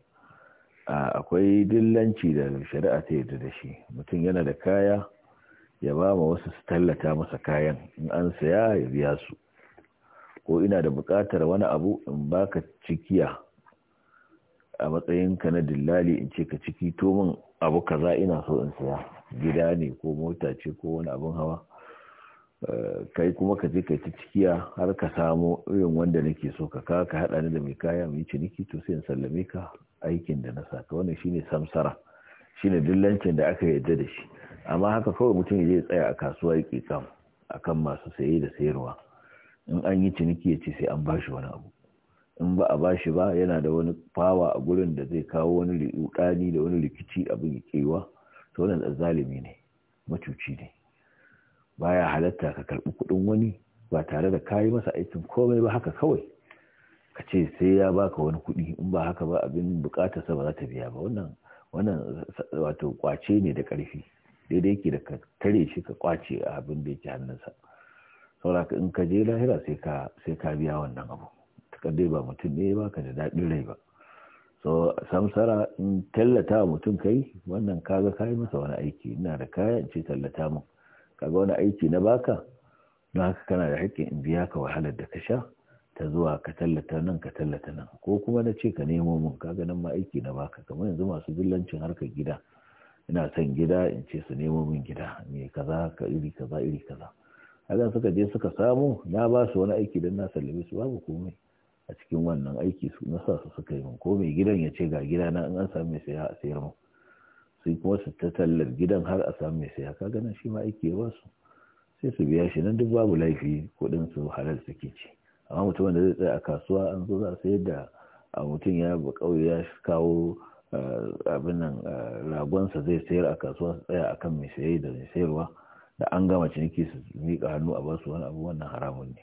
akwai dillanci da shari'a ta yarda da shi mutum yana da kaya ya ba ma wasu su tallata masa kayan in an saya ya biya su ko ina da buƙatar wani abu in baka cikiya a matsayin ka na dillali in ce ka ciki to min abu kaza ina so in saya gida ne ko mota ce ko wani abin hawa kai kuma ka je ka ta cikiya har ka samo irin wanda nake so ka ka ka haɗa ni da mai kaya mu yi ciniki to sai in sallame ka aikin da na saka wannan shine samsara shine dillancin da aka yarda da shi amma haka kawai mutum zai tsaya a kasuwa yake kan akan masu saye da sayarwa in an yi ciniki ya ce sai an bashi wani abu in ba a bashi ba yana da wani fawa a gurin da zai kawo wani rudani da wani rikici abin ya kewa to wannan zalimi ne macuci ne baya halatta ka karbi kuɗin wani ba tare da kayi masa aikin komai ba haka kawai ka ce sai ya baka wani kuɗi in ba haka ba abin bukatarsa ba za ta biya ba wannan wannan wato kwace ne da ƙarfi daidai yake da ka tare shi ka kwace a abin da yake hannunsa sauraka in ka je lahira sai ka sai ka biya wannan abu takardai ba mutum ne ba ka da daɗin rai ba so samsara in tallata wa mutum kai wannan kaga kayi masa wani aiki ina da kaya ce tallata mun kaga wani aiki na baka don haka kana da haƙƙin in biya ka wahalar da ka sha ta zuwa ka tallata nan ka tallata nan ko kuma na ce ka nemo mun kaga nan ma aiki na baka kamar yanzu masu zillancin harkar gida ina son gida in ce su nemo min gida me kaza ka iri kaza iri kaza hakan suka je suka samu na ba su wani aiki don na sallame su babu komai a cikin wannan aiki su na sa su suka yi min ko mai gidan ya ce ga gida na in an samu mai saya a sayar mu sai kuma su ta tallar gidan har a samu mai saya kaga nan shi ma aiki ya ba su sai su biya shi nan duk babu laifi kuɗin su halal suke ci amma mutum wanda zai tsaya a kasuwa an zo za a sayar da mutum ya ya kawo abin nan ragonsa zai sayar a kasuwa su tsaya akan mai saye da mai sayarwa da an gama ciniki su miƙa hannu a basu wani abu wannan haramun ne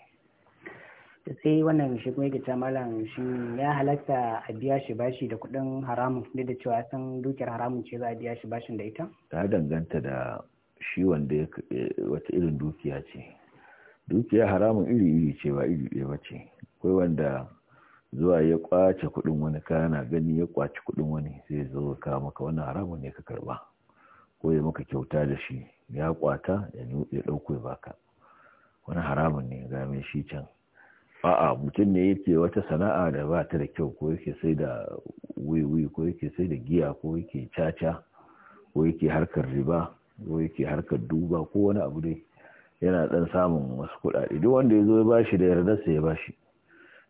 da sai wannan shi kuma yake ta malam shi ya halatta a biya shi bashi da kuɗin haramun duk da cewa san dukiyar haramun ce za a biya shi bashin da ita ta danganta da shi wanda eh, wata irin dukiya ce dukiya haramun iri-iri ce ba iri ɗaya ba ce akwai wanda zuwa ya kwace kuɗin wani kana gani ya kwace kuɗin wani sai zo ka maka wannan haramun ne ka karba ko ya maka kyauta da shi ya kwata ya ɗauko ya baka wani haramun ne ga mai shi can a'a mutum ne yake wata sana'a da ba ta da kyau ko yake sai da wiwi ko yake sai da giya ko yake caca ko yake harkar riba ko yake harkar duba ko wani abu dai yana dan samun wasu kudade duk wanda ya zo ya bashi da yarda sa ya bashi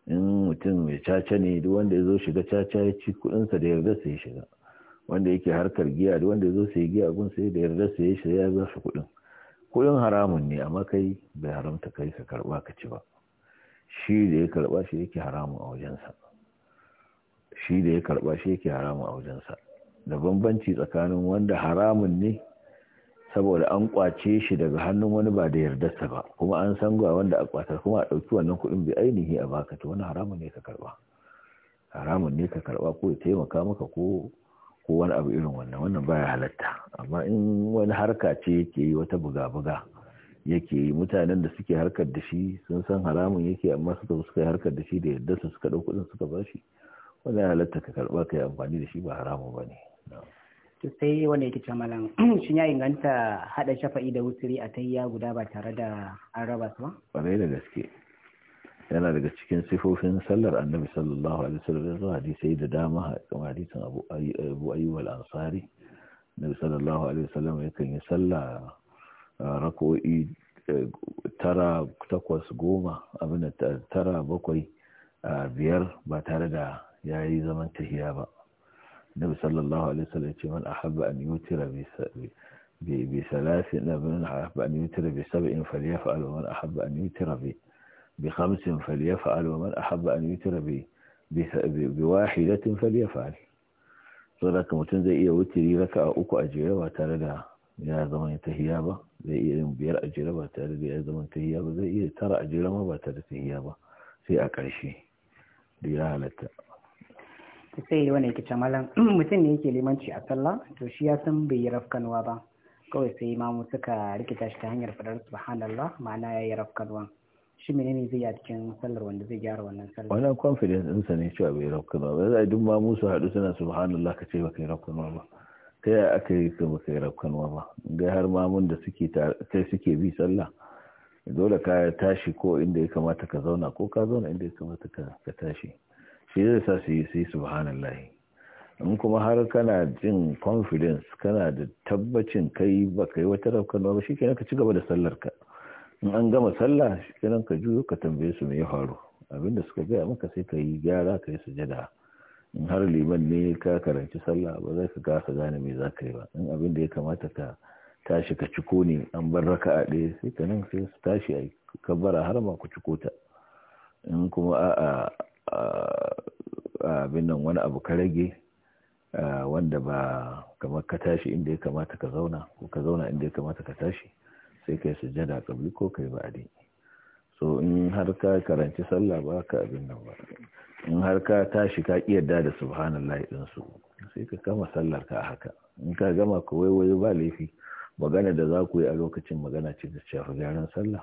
in mutum mai caca ne duk wanda ya zo shiga caca ya ci sa da yarda yardarsa ya shiga wanda yake harkar giya duk wanda ya zo sai giya gun sai da yarda yardarsa ya shiga ya ba shi kudin kudin haramun ne amma kai bai haramta kai ka karba ka ci ba shi da ya karba shi yake haramun a wajensa shi da ya karba shi yake haramun a wajensa da bambanci tsakanin wanda haramun ne saboda an kwace shi daga hannun wani ba da yardarsa ba kuma an san ga wanda a kwatar kuma a ɗauki wannan kuɗin bai ainihi a baka to wani haramun ne ka karba haramun ne ka karba ko ya taimaka maka ko ko wani abu irin wannan wannan baya halatta amma in wani harka ce yake yi wata buga-buga yake yi mutanen da suke harkar da shi sun san haramun yake amma suka suka harkar da shi da yardarsa suka ɗau kuɗin suka bashi wannan halatta ka karba ka yi amfani da shi ba haramun ba ne. to sai wanda yake ce malam shin ya inganta hada shafa'i da wuturi a tayya guda ba tare da an raba su ba kwarai da gaske yana daga cikin sifofin sallar annabi sallallahu alaihi wasallam da hadisai da dama kamar hadisin abu abu ayyub al-ansari annabi sallallahu alaihi wasallam yakan yi sallah rak'o'i e, tara takwas goma abin da tara bakwai biyar ba tare da yayi zaman tahiya ba nabi sallallahu alaihi wasallam ce man ahabba an yutira bi bi salasin da man ahabba an yutira bi sab'in falyaf'al wa man ahabba an yutira bi bi khamsin falyaf'al wa man ahabba an yutira bi bi wahidatin falyaf'al saboda mutum zai iya wutiri raka'a uku a jere ba tare da ya zama tahiya ba zai iya yin biyar a jere ba tare da ya zama tahiya ba zai iya tara a jere ma ba tare da tahiya ba sai a ƙarshe da ya halatta to sai wani ya kice malam mutum ne yake limanci a sallah to shi ya san bai yi rafkanuwa ba kawai sai imamu suka rikita shi ta hanyar fadar subhanallah ma'ana ya yi rafkanuwa shi menene zai yi a cikin sallar wanda zai gyara wannan sallar wannan confidence din sa ne cewa bai yi rafkanuwa ba zai duk Mamu su haɗu suna subhanallah ka ce ba kai rafkanuwa ba ta yaya aka yi ka kai rafkanuwa ba ga har mamun da suke kai suke bi sallah dole ka tashi ko inda ya kamata ka zauna ko ka zauna inda ya kamata ka tashi shi zai sa su yi su yi subhanallahi in kuma har kana jin confidence kana da tabbacin kai ba kai wata rafkanuwa ba shi kenan ka ci gaba da sallar ka in an gama sallah shi kenan ka juyo ka tambaye su mai ya faru abinda suka gaya maka sai ka yi gyara ka yi sujada in har liman ne ka karanci sallah ba za ka gasa gane mai za ka yi ba in abinda ya kamata ka tashi ka ciko ne an bar a ɗaya sai ka nan sai su tashi a kabbara har ma ku ciko ta in kuma a'a abin nan wani abu ka rage wanda ba kamar ka tashi inda ya kamata ka zauna ko ka zauna inda ya kamata ka tashi sai ka yi sujjada kabli ko ka yi ba'adi so in har ka karanci sallah ba ka abin nan ba in har ka tashi ka yarda da subhanallahi din su sai ka kama sallar ka haka in ka gama ka waiwayo ba laifi magana da za ku yi a lokacin magana ce da shafi gyaran sallah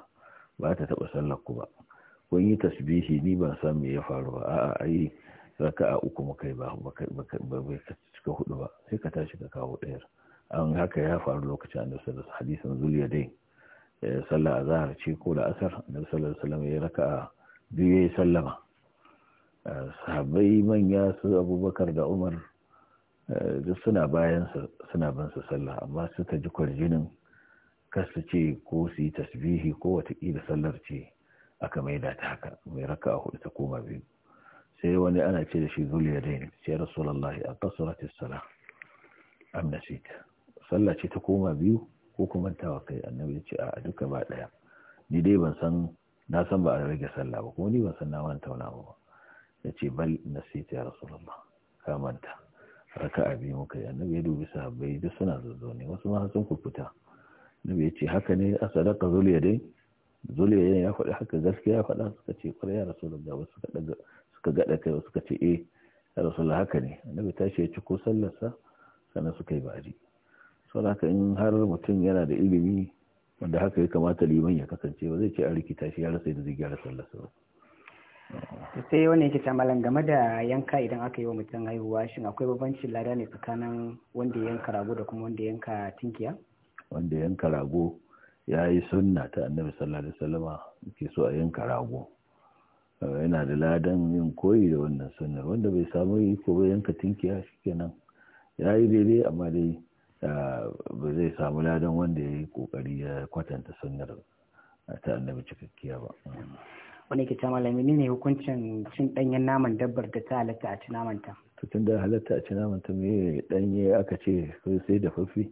ba ta taɓa sallar ku ba kun yi tasbihi ni ba san me ya faru ba a'a ai raka'a uku mu kai ba Ba bai cika hudu ba sai ka tashi ka kawo ɗayar an haka ya faru lokacin annabi sallallahu alaihi hadisin zuliya dai eh, sallah azhar ce ko da asar annabi sallallahu alaihi wasallam ya raka'a biyu ya sallama eh, sahabbai manya su abubakar da umar eh, duk suna bayan suna ban su sallah amma suka ji kwarjinin kasu ce ko su yi tasbihi ko watakila sallar ce aka maida ta haka mai raka a hudu ta koma biyu sai wani ana ce da shi zuliya dai sai rasulullahi a kasurati sala amna sallah ce ta koma biyu ko kuma wa kai annabi ya ce a duka ba daya ni dai ban san na san ba a rage sallah ba kuma ni ban san na manta wani abu ba ya ce bal nasita ya RasuLallah. ka manta raka a biyu muka yi annabi ya dubi sahabbai duk suna zazzo ne wasu ma sun kufuta. annabi ya ce haka ne a sadaka zuliya zuliya ya faɗi haka gaskiya ya faɗa suka ce kwarai ya rasu da suka gaɗa kai suka ce e ya rasu da haka ne annabi tashi ya ci ko sallarsa sannan suka yi ba'adi sau haka in har mutum yana da ilimi wanda haka ya kamata liman ya kasance ba zai ce a rikita shi ya rasa yadda zai gyara sallarsa ba. sai wani yake ta malam game da yanka idan aka yi wa mutum haihuwa shin akwai bambancin lada ne tsakanin wanda yanka rago da kuma wanda yanka tinkiya? wanda yanka rago ya yi sunna ta annabi sallallahu alaihi wasallama ke so a yanka rago eh, yana da ladan yin koyi da wannan sunnar wanda bai samu yi ko bai yanka tinkiya shikenan ya yi daidai amma dai eh, ba zai samu ladan wanda ya yi kokari ya kwatanta sunnar eh, ta annabi cikakkiya ba mm. wani ke ta malami ne hukuncin cin danyen naman dabbar da ta halatta a ci namanta tun da halatta a ci namanta me danye aka ce sai da fafi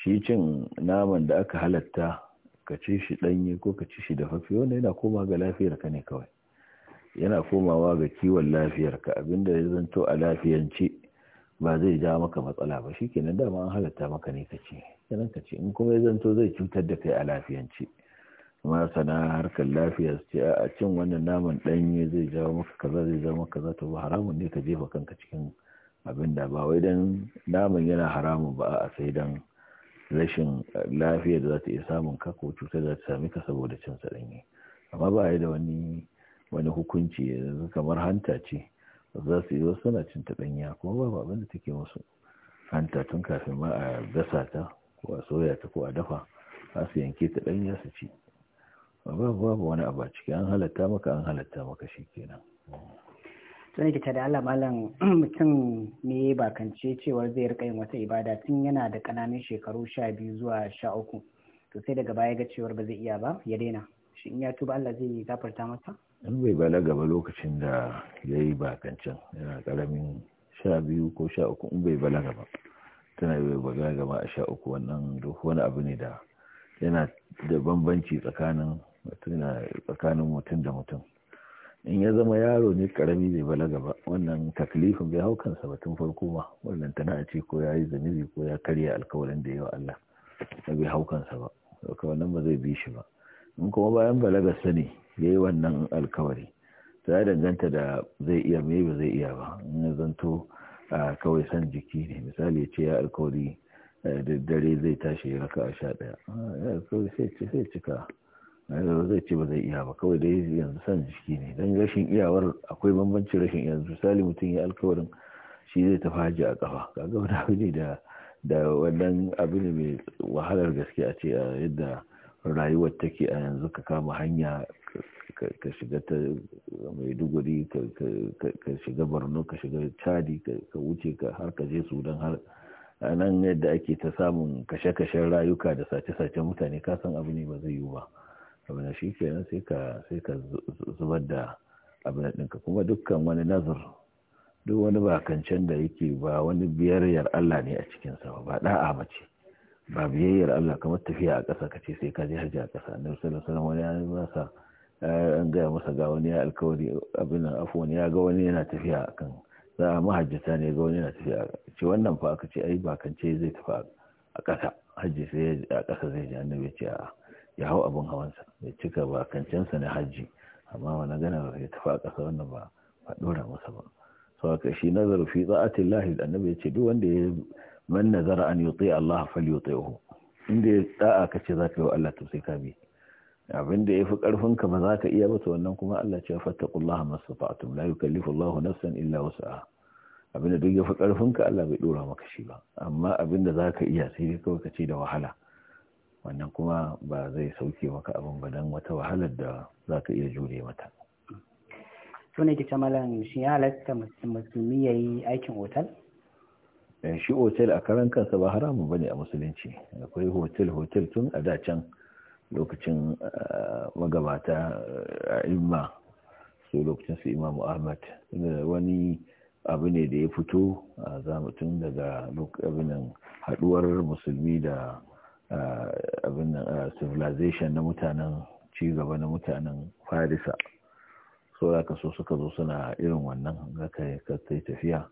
shi cin naman da aka halatta ka ci shi ɗanye ko ka ci shi dafaffe wanda yana koma ga lafiyar ka ne kawai yana komawa ga kiwon lafiyar lafiyarka abinda ya zanto a lafiyance ba zai ja maka matsala ba shi shikenan dama an halatta maka ne ka ce kenan ka ce in kuma ya zanto zai cutar da kai a lafiyance masana harkar lafiya su ce a cin wannan naman ɗanye zai jawo maka kaza zai jawo maka kaza to ba haramun ne ka jefa kanka cikin abin da ba wai dan naman yana haramun ba a sai dan rashin lafiya da za ta iya samun ka ko cutar da ta sami ka saboda cin sa ɗanye amma ba a yi da wani wani hukunci yanzu kamar hanta ce za su yi wasu na cin ta ɗanya kuma ba abin da take musu hanta tun kafin ma a gasa ta ko a soya ta ko a dafa za su yanke ta ɗanya su ci babu babu wani abu a ciki an halatta maka an halatta maka shi kenan sai ki da Allah malam mutum ne bakance cewar zai rika yin wata ibada tun yana da ƙananan shekaru sha biyu zuwa sha uku to sai daga baya ga cewar ba zai iya ba ya daina shi in ya tuba Allah zai gafarta masa in bai balaga ba lokacin da ya yi can yana ƙaramin sha biyu ko sha uku in bai balaga ba tana bai balaga gama a sha uku wannan duk wani abu ne da yana da bambanci tsakanin tsakanin mutum da mutum in ya zama yaro ne karami bai balaga ba wannan taklifin bai hau kansa ba tun farko ma wannan tana a ce ko ya yi zunubi ko ya karya alkawarin da yawa Allah ba bai hau kansa ba daga wannan ba zai bi shi ba in kuma bayan balaga sani ya yi wannan alkawari ta ya danganta da zai iya me ba zai iya ba in ya zanto kawai san jiki ne misali ya ce ya alkawari eh, da dare zai tashi ya raka a sha ɗaya ah, sai cika zai ce ba zai iya ba kawai dai yanzu san jiki ne don rashin iyawar akwai bambancin rashin yanzu misali mutum ya alkawarin shi zai tafi haji a kafa kaga wani abu ne da da wannan abu ne mai wahalar gaske a ce a yadda rayuwar take a yanzu ka kama hanya ka shiga ta maiduguri ka shiga borno ka shiga chadi ka wuce ka har ka je sudan har a nan yadda ake ta samun kashe-kashen rayuka da sace sace mutane kasan abu ne ba zai yiwu ba abin shi kenan sai ka sai ka zubar da abin ɗinka kuma dukkan wani nazar duk wani bakancan da yake ba wani biyayyar Allah ne a cikinsa ba ba da'a ba ce ba biyayyar Allah kamar tafiya a ƙasa kace sai ka je hajji a ƙasa annabi sallallahu alaihi wasallam wani ya masa an gaya masa ga wani ya alkawari abin afwan ya ga wani yana tafiya akan za a mahajjata ne ga wani yana tafiya ce wannan fa aka ce ai bakance zai tafi a ƙasa hajji sai a ƙasa zai ji annabi ce a'a ya hau abin hawansa ya cika ba kancensa na hajji amma wani gana ya tafi a ƙasa wannan ba ba ɗora masa ba sau a shi nazaru fi tsa'atin lahi annabi ya ce duk wanda ya man nazara an yuti Allah fal yuti'uhu inda ya ce kace zaka yi wa Allah to sai ka bi abin da yafi karfin ka ba za ka iya ba to wannan kuma Allah ce fattaqullaha mastata'tum la yukallifu Allahu nafsan illa wus'aha abin da duk yafi karfin ka Allah bai ɗora maka shi ba amma abin da zaka iya sai dai kawai ka ce da wahala wannan kuma ba zai sauke maka abin ba don wata wahalar da za ka iya jure mata to ne kita malam shi ya halatta musulmi ya yi aikin otal? Eh, shi otal a karan kansa ba haramun ba ne a musulunci akwai hotel hotel tun a can lokacin eh, magabata a eh, imma su lokacin su imamu ahmad wani abu ne da ya fito a zamutun daga haɗuwar haduwar musulmi da abin civilization na mutanen cigaba na mutanen farisa sauraka so suka zo suna irin wannan za ka kai tafiya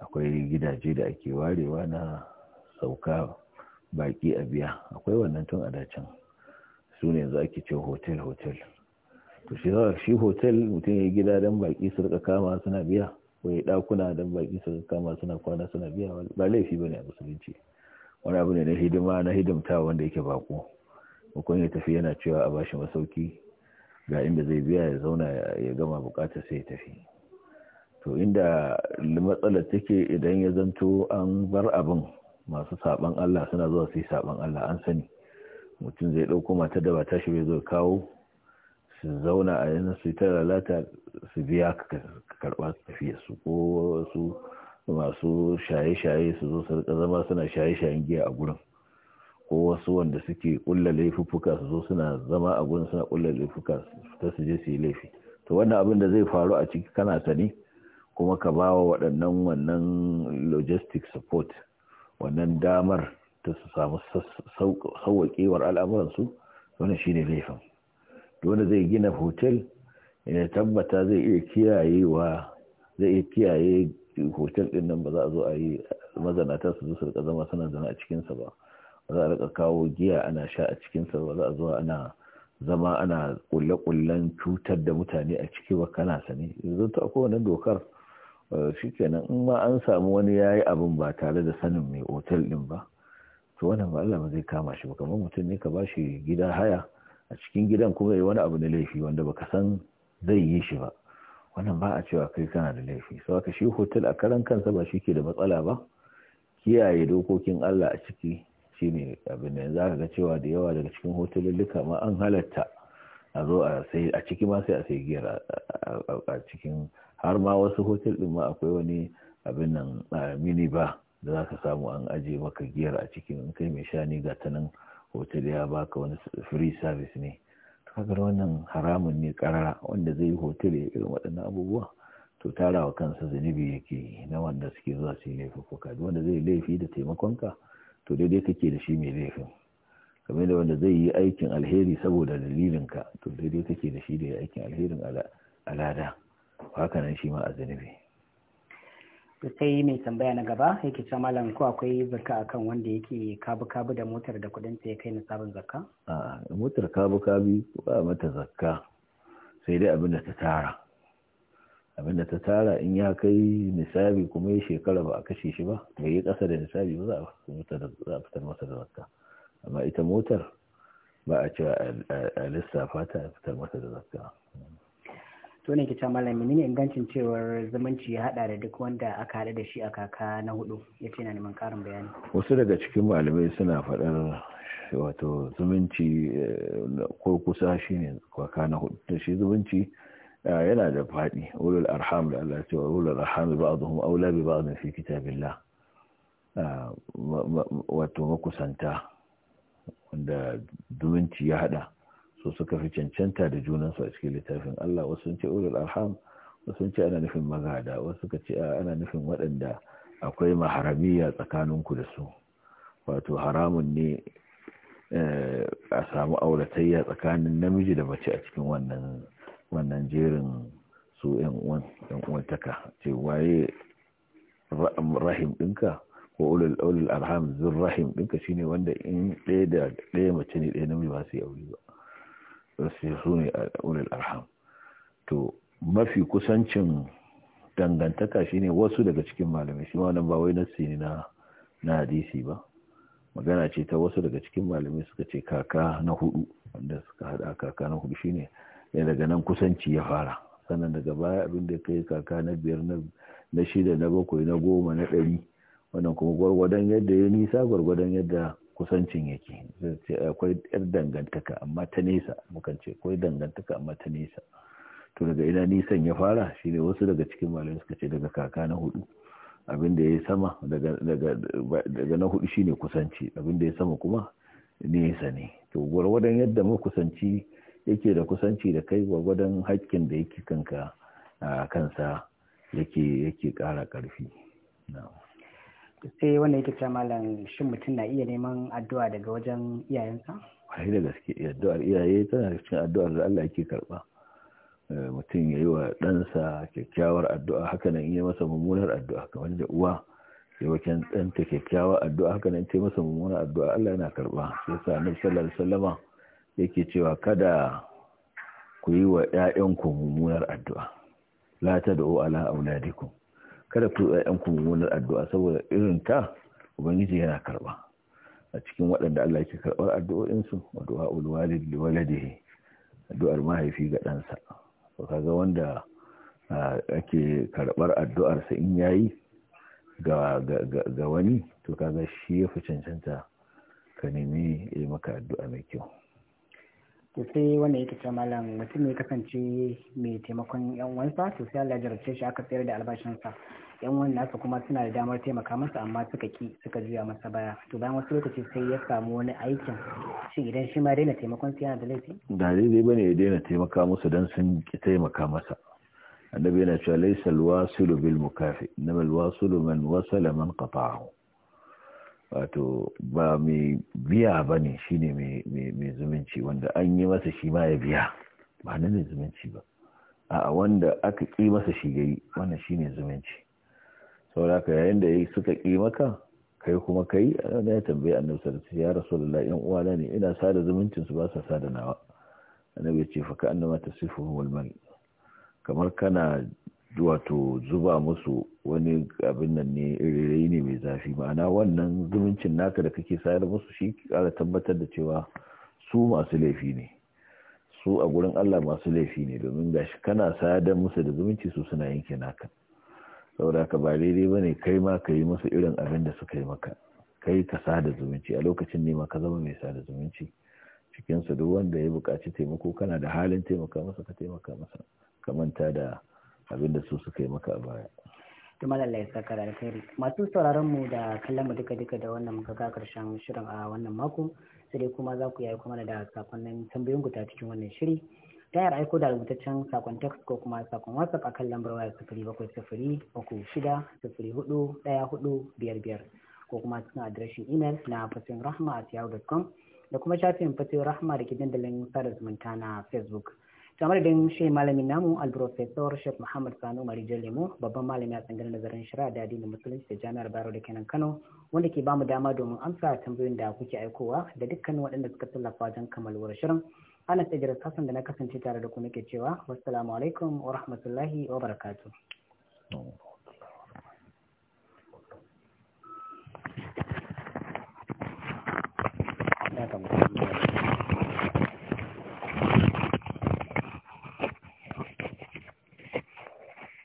akwai gidaje da ake warewa na sauka baki a biya akwai wannan tun a dacin su ne yanzu ake ce hotel hotel to shi za shi hotel mutum ya gida don baki su rika kama suna biya ko ya dakuna don baki su rika kama suna kwana suna biya ba laifi ne a musulunci wani abu ne na hidima na hidimta wanda yake bako hukun ya tafi yana cewa a bashi masauki ga inda zai biya ya zauna ya gama bukatar sai ya tafi to inda matsalar take idan ya zanto an bar abin masu saban Allah suna zuwa su yi saban Allah an sani mutum zai ɗauko mata da ba shi bai zo kawo su zauna a yanzu su yi ta lalata su biya ka karɓa su tafiya su ko su masu shaye-shaye su zo sarƙa zama suna shaye-shayen giya a gurin ko wasu wanda suke ƙulla laifuka su zo suna zama a gurin suna kulla laifuka ta su je su yi laifi to wannan abin da zai faru a ciki kana ta sani kuma ka ba wa waɗannan wannan logistic support wannan damar ta su samu sauwaƙewar al'amuransu wannan shine laifin wanda zai gina hotel ya tabbata zai iya kiyayewa zai iya kiyaye hotel din nan ba za a zo a yi mazanata su zo su rika zama suna zama a cikinsa ba ba za a rika kawo giya ana sha a cikinsa ba za a zo ana zama ana kulle-kullen cutar da mutane a ciki ba kana sani yanzu ta akwai wannan dokar eh, shikenan in ma an samu wani ya yi abin ba tare da sanin mai otel din ba to wannan ba Allah ba zai kama shi ba kamar mutum ne ka ba shi gida haya a cikin gidan kuma ya wani abu na laifi wanda baka san zai yi shi ba wannan ba a cewa kai kana da laifi sau ka shi hotel a karan kansa ba shi ke da matsala ba kiyaye dokokin Allah a ciki shi ne abin da za ka ga cewa da yawa daga cikin hotelulluka ma an halatta a zo a ciki ma sai a sai giyar a cikin har ma wasu hotel din ma akwai wani abin nan mini ba da za ka samu an aje maka giyar a cikin in kai mai shani ga ta nan hotel ya baka wani free service ne kagar wannan haramun ne karara wanda zai yi hotel ya irin waɗannan abubuwa to tara wa kansa zunubi yake na wanda suke zuwa su yi laifuka wanda zai laifi da taimakonka to daidai kake da shi mai laifin kamar da wanda zai yi aikin alheri saboda dalilinka to daidai kake da shi da aikin alherin alada haka shi ma a zunubi to sai mai tambaya na gaba yake ce malam ko akwai zakka akan wanda yake kabu kabu da motar da kudin ta ya kai sabon zakka a motar kabu kabi ba mata zakka sai dai abin da ta tara abin da ta tara in ya kai nisabi kuma ya shekara ba a kashe shi ba bai yi kasa da nisabi ba za a fitar masa da zakka amma ita motar ba a cewa a lissafa ta fitar masa da zakka to ne ta malam menene ingancin cewar zumunci ya hada da duk wanda aka hada da shi a kaka na hudu ya ce na neman karin bayani wasu daga cikin malamai suna faɗar wato zumunci eh, ko kusa shine kaka na hudu da shi zumunci eh, yana da fadi ulul arham da Allah ce ulul arham ba'dhum aula bi ba'd fi kitabillah ah, wato makusanta wanda zumunci ya hada su suka fi cancanta da junansu a cikin littafin Allah wasu sun ce ulul arham wasu ce ana nufin magada wasu suka ce ana nufin waɗanda akwai maharamiya tsakaninku da su wato haramun ne eh, a samu auratayya tsakanin namiji da mace a cikin wannan wannan jerin su yan uwantaka ce waye rahim ɗinka ko ulul arham zur rahim ɗinka shine wanda in ɗaya da ɗaya mace ne ɗaya namiji ba su yi aure ba sai su ne ulul arham to mafi kusancin dangantaka shine wasu daga cikin malamai shi wannan ba wai nassi ne na hadisi ba magana ce ta wasu daga cikin malamai suka ce kaka na hudu wanda suka hada kaka na hudu shine ya daga nan kusanci ya fara sannan daga baya abin da kai kaka na biyar na shida na bakwai na goma na ɗari wannan kuma gwargwadon yadda ya nisa gwargwadon yadda kusancin yake eh, akwai yar dangantaka amma ta nesa mukan ce akwai dangantaka amma ta nesa to daga ina nisan ya fara shine wasu daga cikin malamai suka ce daga kaka na hudu abin da ya sama daga na hudu shine kusanci abin da ya sama kuma nesa ne to gwargwadon yadda makusanci yake da kusanci da kai gwargwadon hakkin da yake kanka a kansa yake yake ƙara ƙarfi sai wanda yake cewa malam shin mutum na iya neman addu'a daga wajen iyayensa ai da gaske addu'ar iyaye tana cikin addu'ar da Allah yake karba eh, mutum ya yi wa ɗansa kyakkyawar addu'a haka nan iya masa mummunar addu'a kamar da uwa ya wajen ɗanta kyakkyawar addu'a haka nan ta masa mummunar addu'a Allah yana karba sai yasa annabi sallallahu alaihi yake cewa kada ku yi wa ‘ya'yanku mummunar addu'a, la da ala auladikum kada ku yi ku mummunar addu'a saboda irin ta ubangiji yana karba a cikin waɗanda Allah yake karɓar addu'o'insu a du'a ulwalid li walade addu'ar mahaifi ga ɗansa to kaga wanda ake karɓar addu'arsa in yayi ga ga wani to kaga shi ya fi cancanta ka nemi maka addu'a mai kyau to sai wanda yake ce malam mutum ya kasance mai taimakon yan uwansa to sai Allah ya shi aka tsayar da albashinsa yan uwan nasa kuma suna da damar taimaka masa amma suka ki suka juya masa baya to bayan wasu lokaci sai ya samu wani aikin shi idan shi ma daina taimakon sai yana da laifi da daidai bane ya daina taimaka musu dan sun ki taimaka masa annabi yana cewa laysa alwasilu bil mukafi innamal wasilu man wasala man qata'ahu wato ba mai biya ba ne shi ne mai zumunci wanda an yi masa shi ma ya biya ba na mai zumunci ba a wanda aka ƙi masa shi gari wannan shi ne zumunci saboda ka yayin da suka ƙi maka kai kuma kai ana ya tambayi annabi sallallahu alaihi ya rasulullah yan uwana ne ina sada zumuncin su ba sa sada nawa annabi ya ce fa ka annama tasifuhu wal kamar kana wato zuba musu wani abin nan ne rirai ne mai zafi ma'ana wannan zumuncin naka da kake sayar musu shi kara tabbatar da cewa su masu laifi ne su a gurin Allah masu laifi ne domin gashi kana sadar musu da zumunci su suna yanke naka saboda ka ba daidai bane kai ma ka yi musu irin abin da suka yi maka kai ka sada zumunci a lokacin ne ma ka zama mai sada zumunci cikin su duk wanda ya buƙaci taimako kana da halin taimaka masa ka taimaka masa ka manta da abin da su suka yi maka a baya to malalla sakar masu sauraron mu da kallon mu duka duka da wannan muka ga karshen shirin a wannan mako sai dai kuma za ku yi kuma da sakonnin tambayoyin ku ta cikin wannan shiri ta yar aiko da rubutaccen sakon text ko kuma sakon whatsapp a kan lambar waya sifiri bakwai uku shida sifiri hudu ɗaya hudu biyar biyar ko kuma cikin adireshin imel na fasin rahma at yahoo.com da kuma shafin fasihin rahma da ke dandalin sada zumunta na facebook kamar da shi malami namu alprofesor Sheikh Muhammad Sanu mari Lemo babban malami a tsangar nazarin shari'a da addinin musulunci da jami'ar Bayero da kenan Kano wanda ke bamu dama domin amsa tambayoyin da kuke aikowa da dukkan waɗanda suka tallafa wajen kammaluwar shirin. ana Idris Hassan da na kasance tare da ku nake cewa wassalamu alaikum wa rahmatullahi wa barakatuh. Thank you.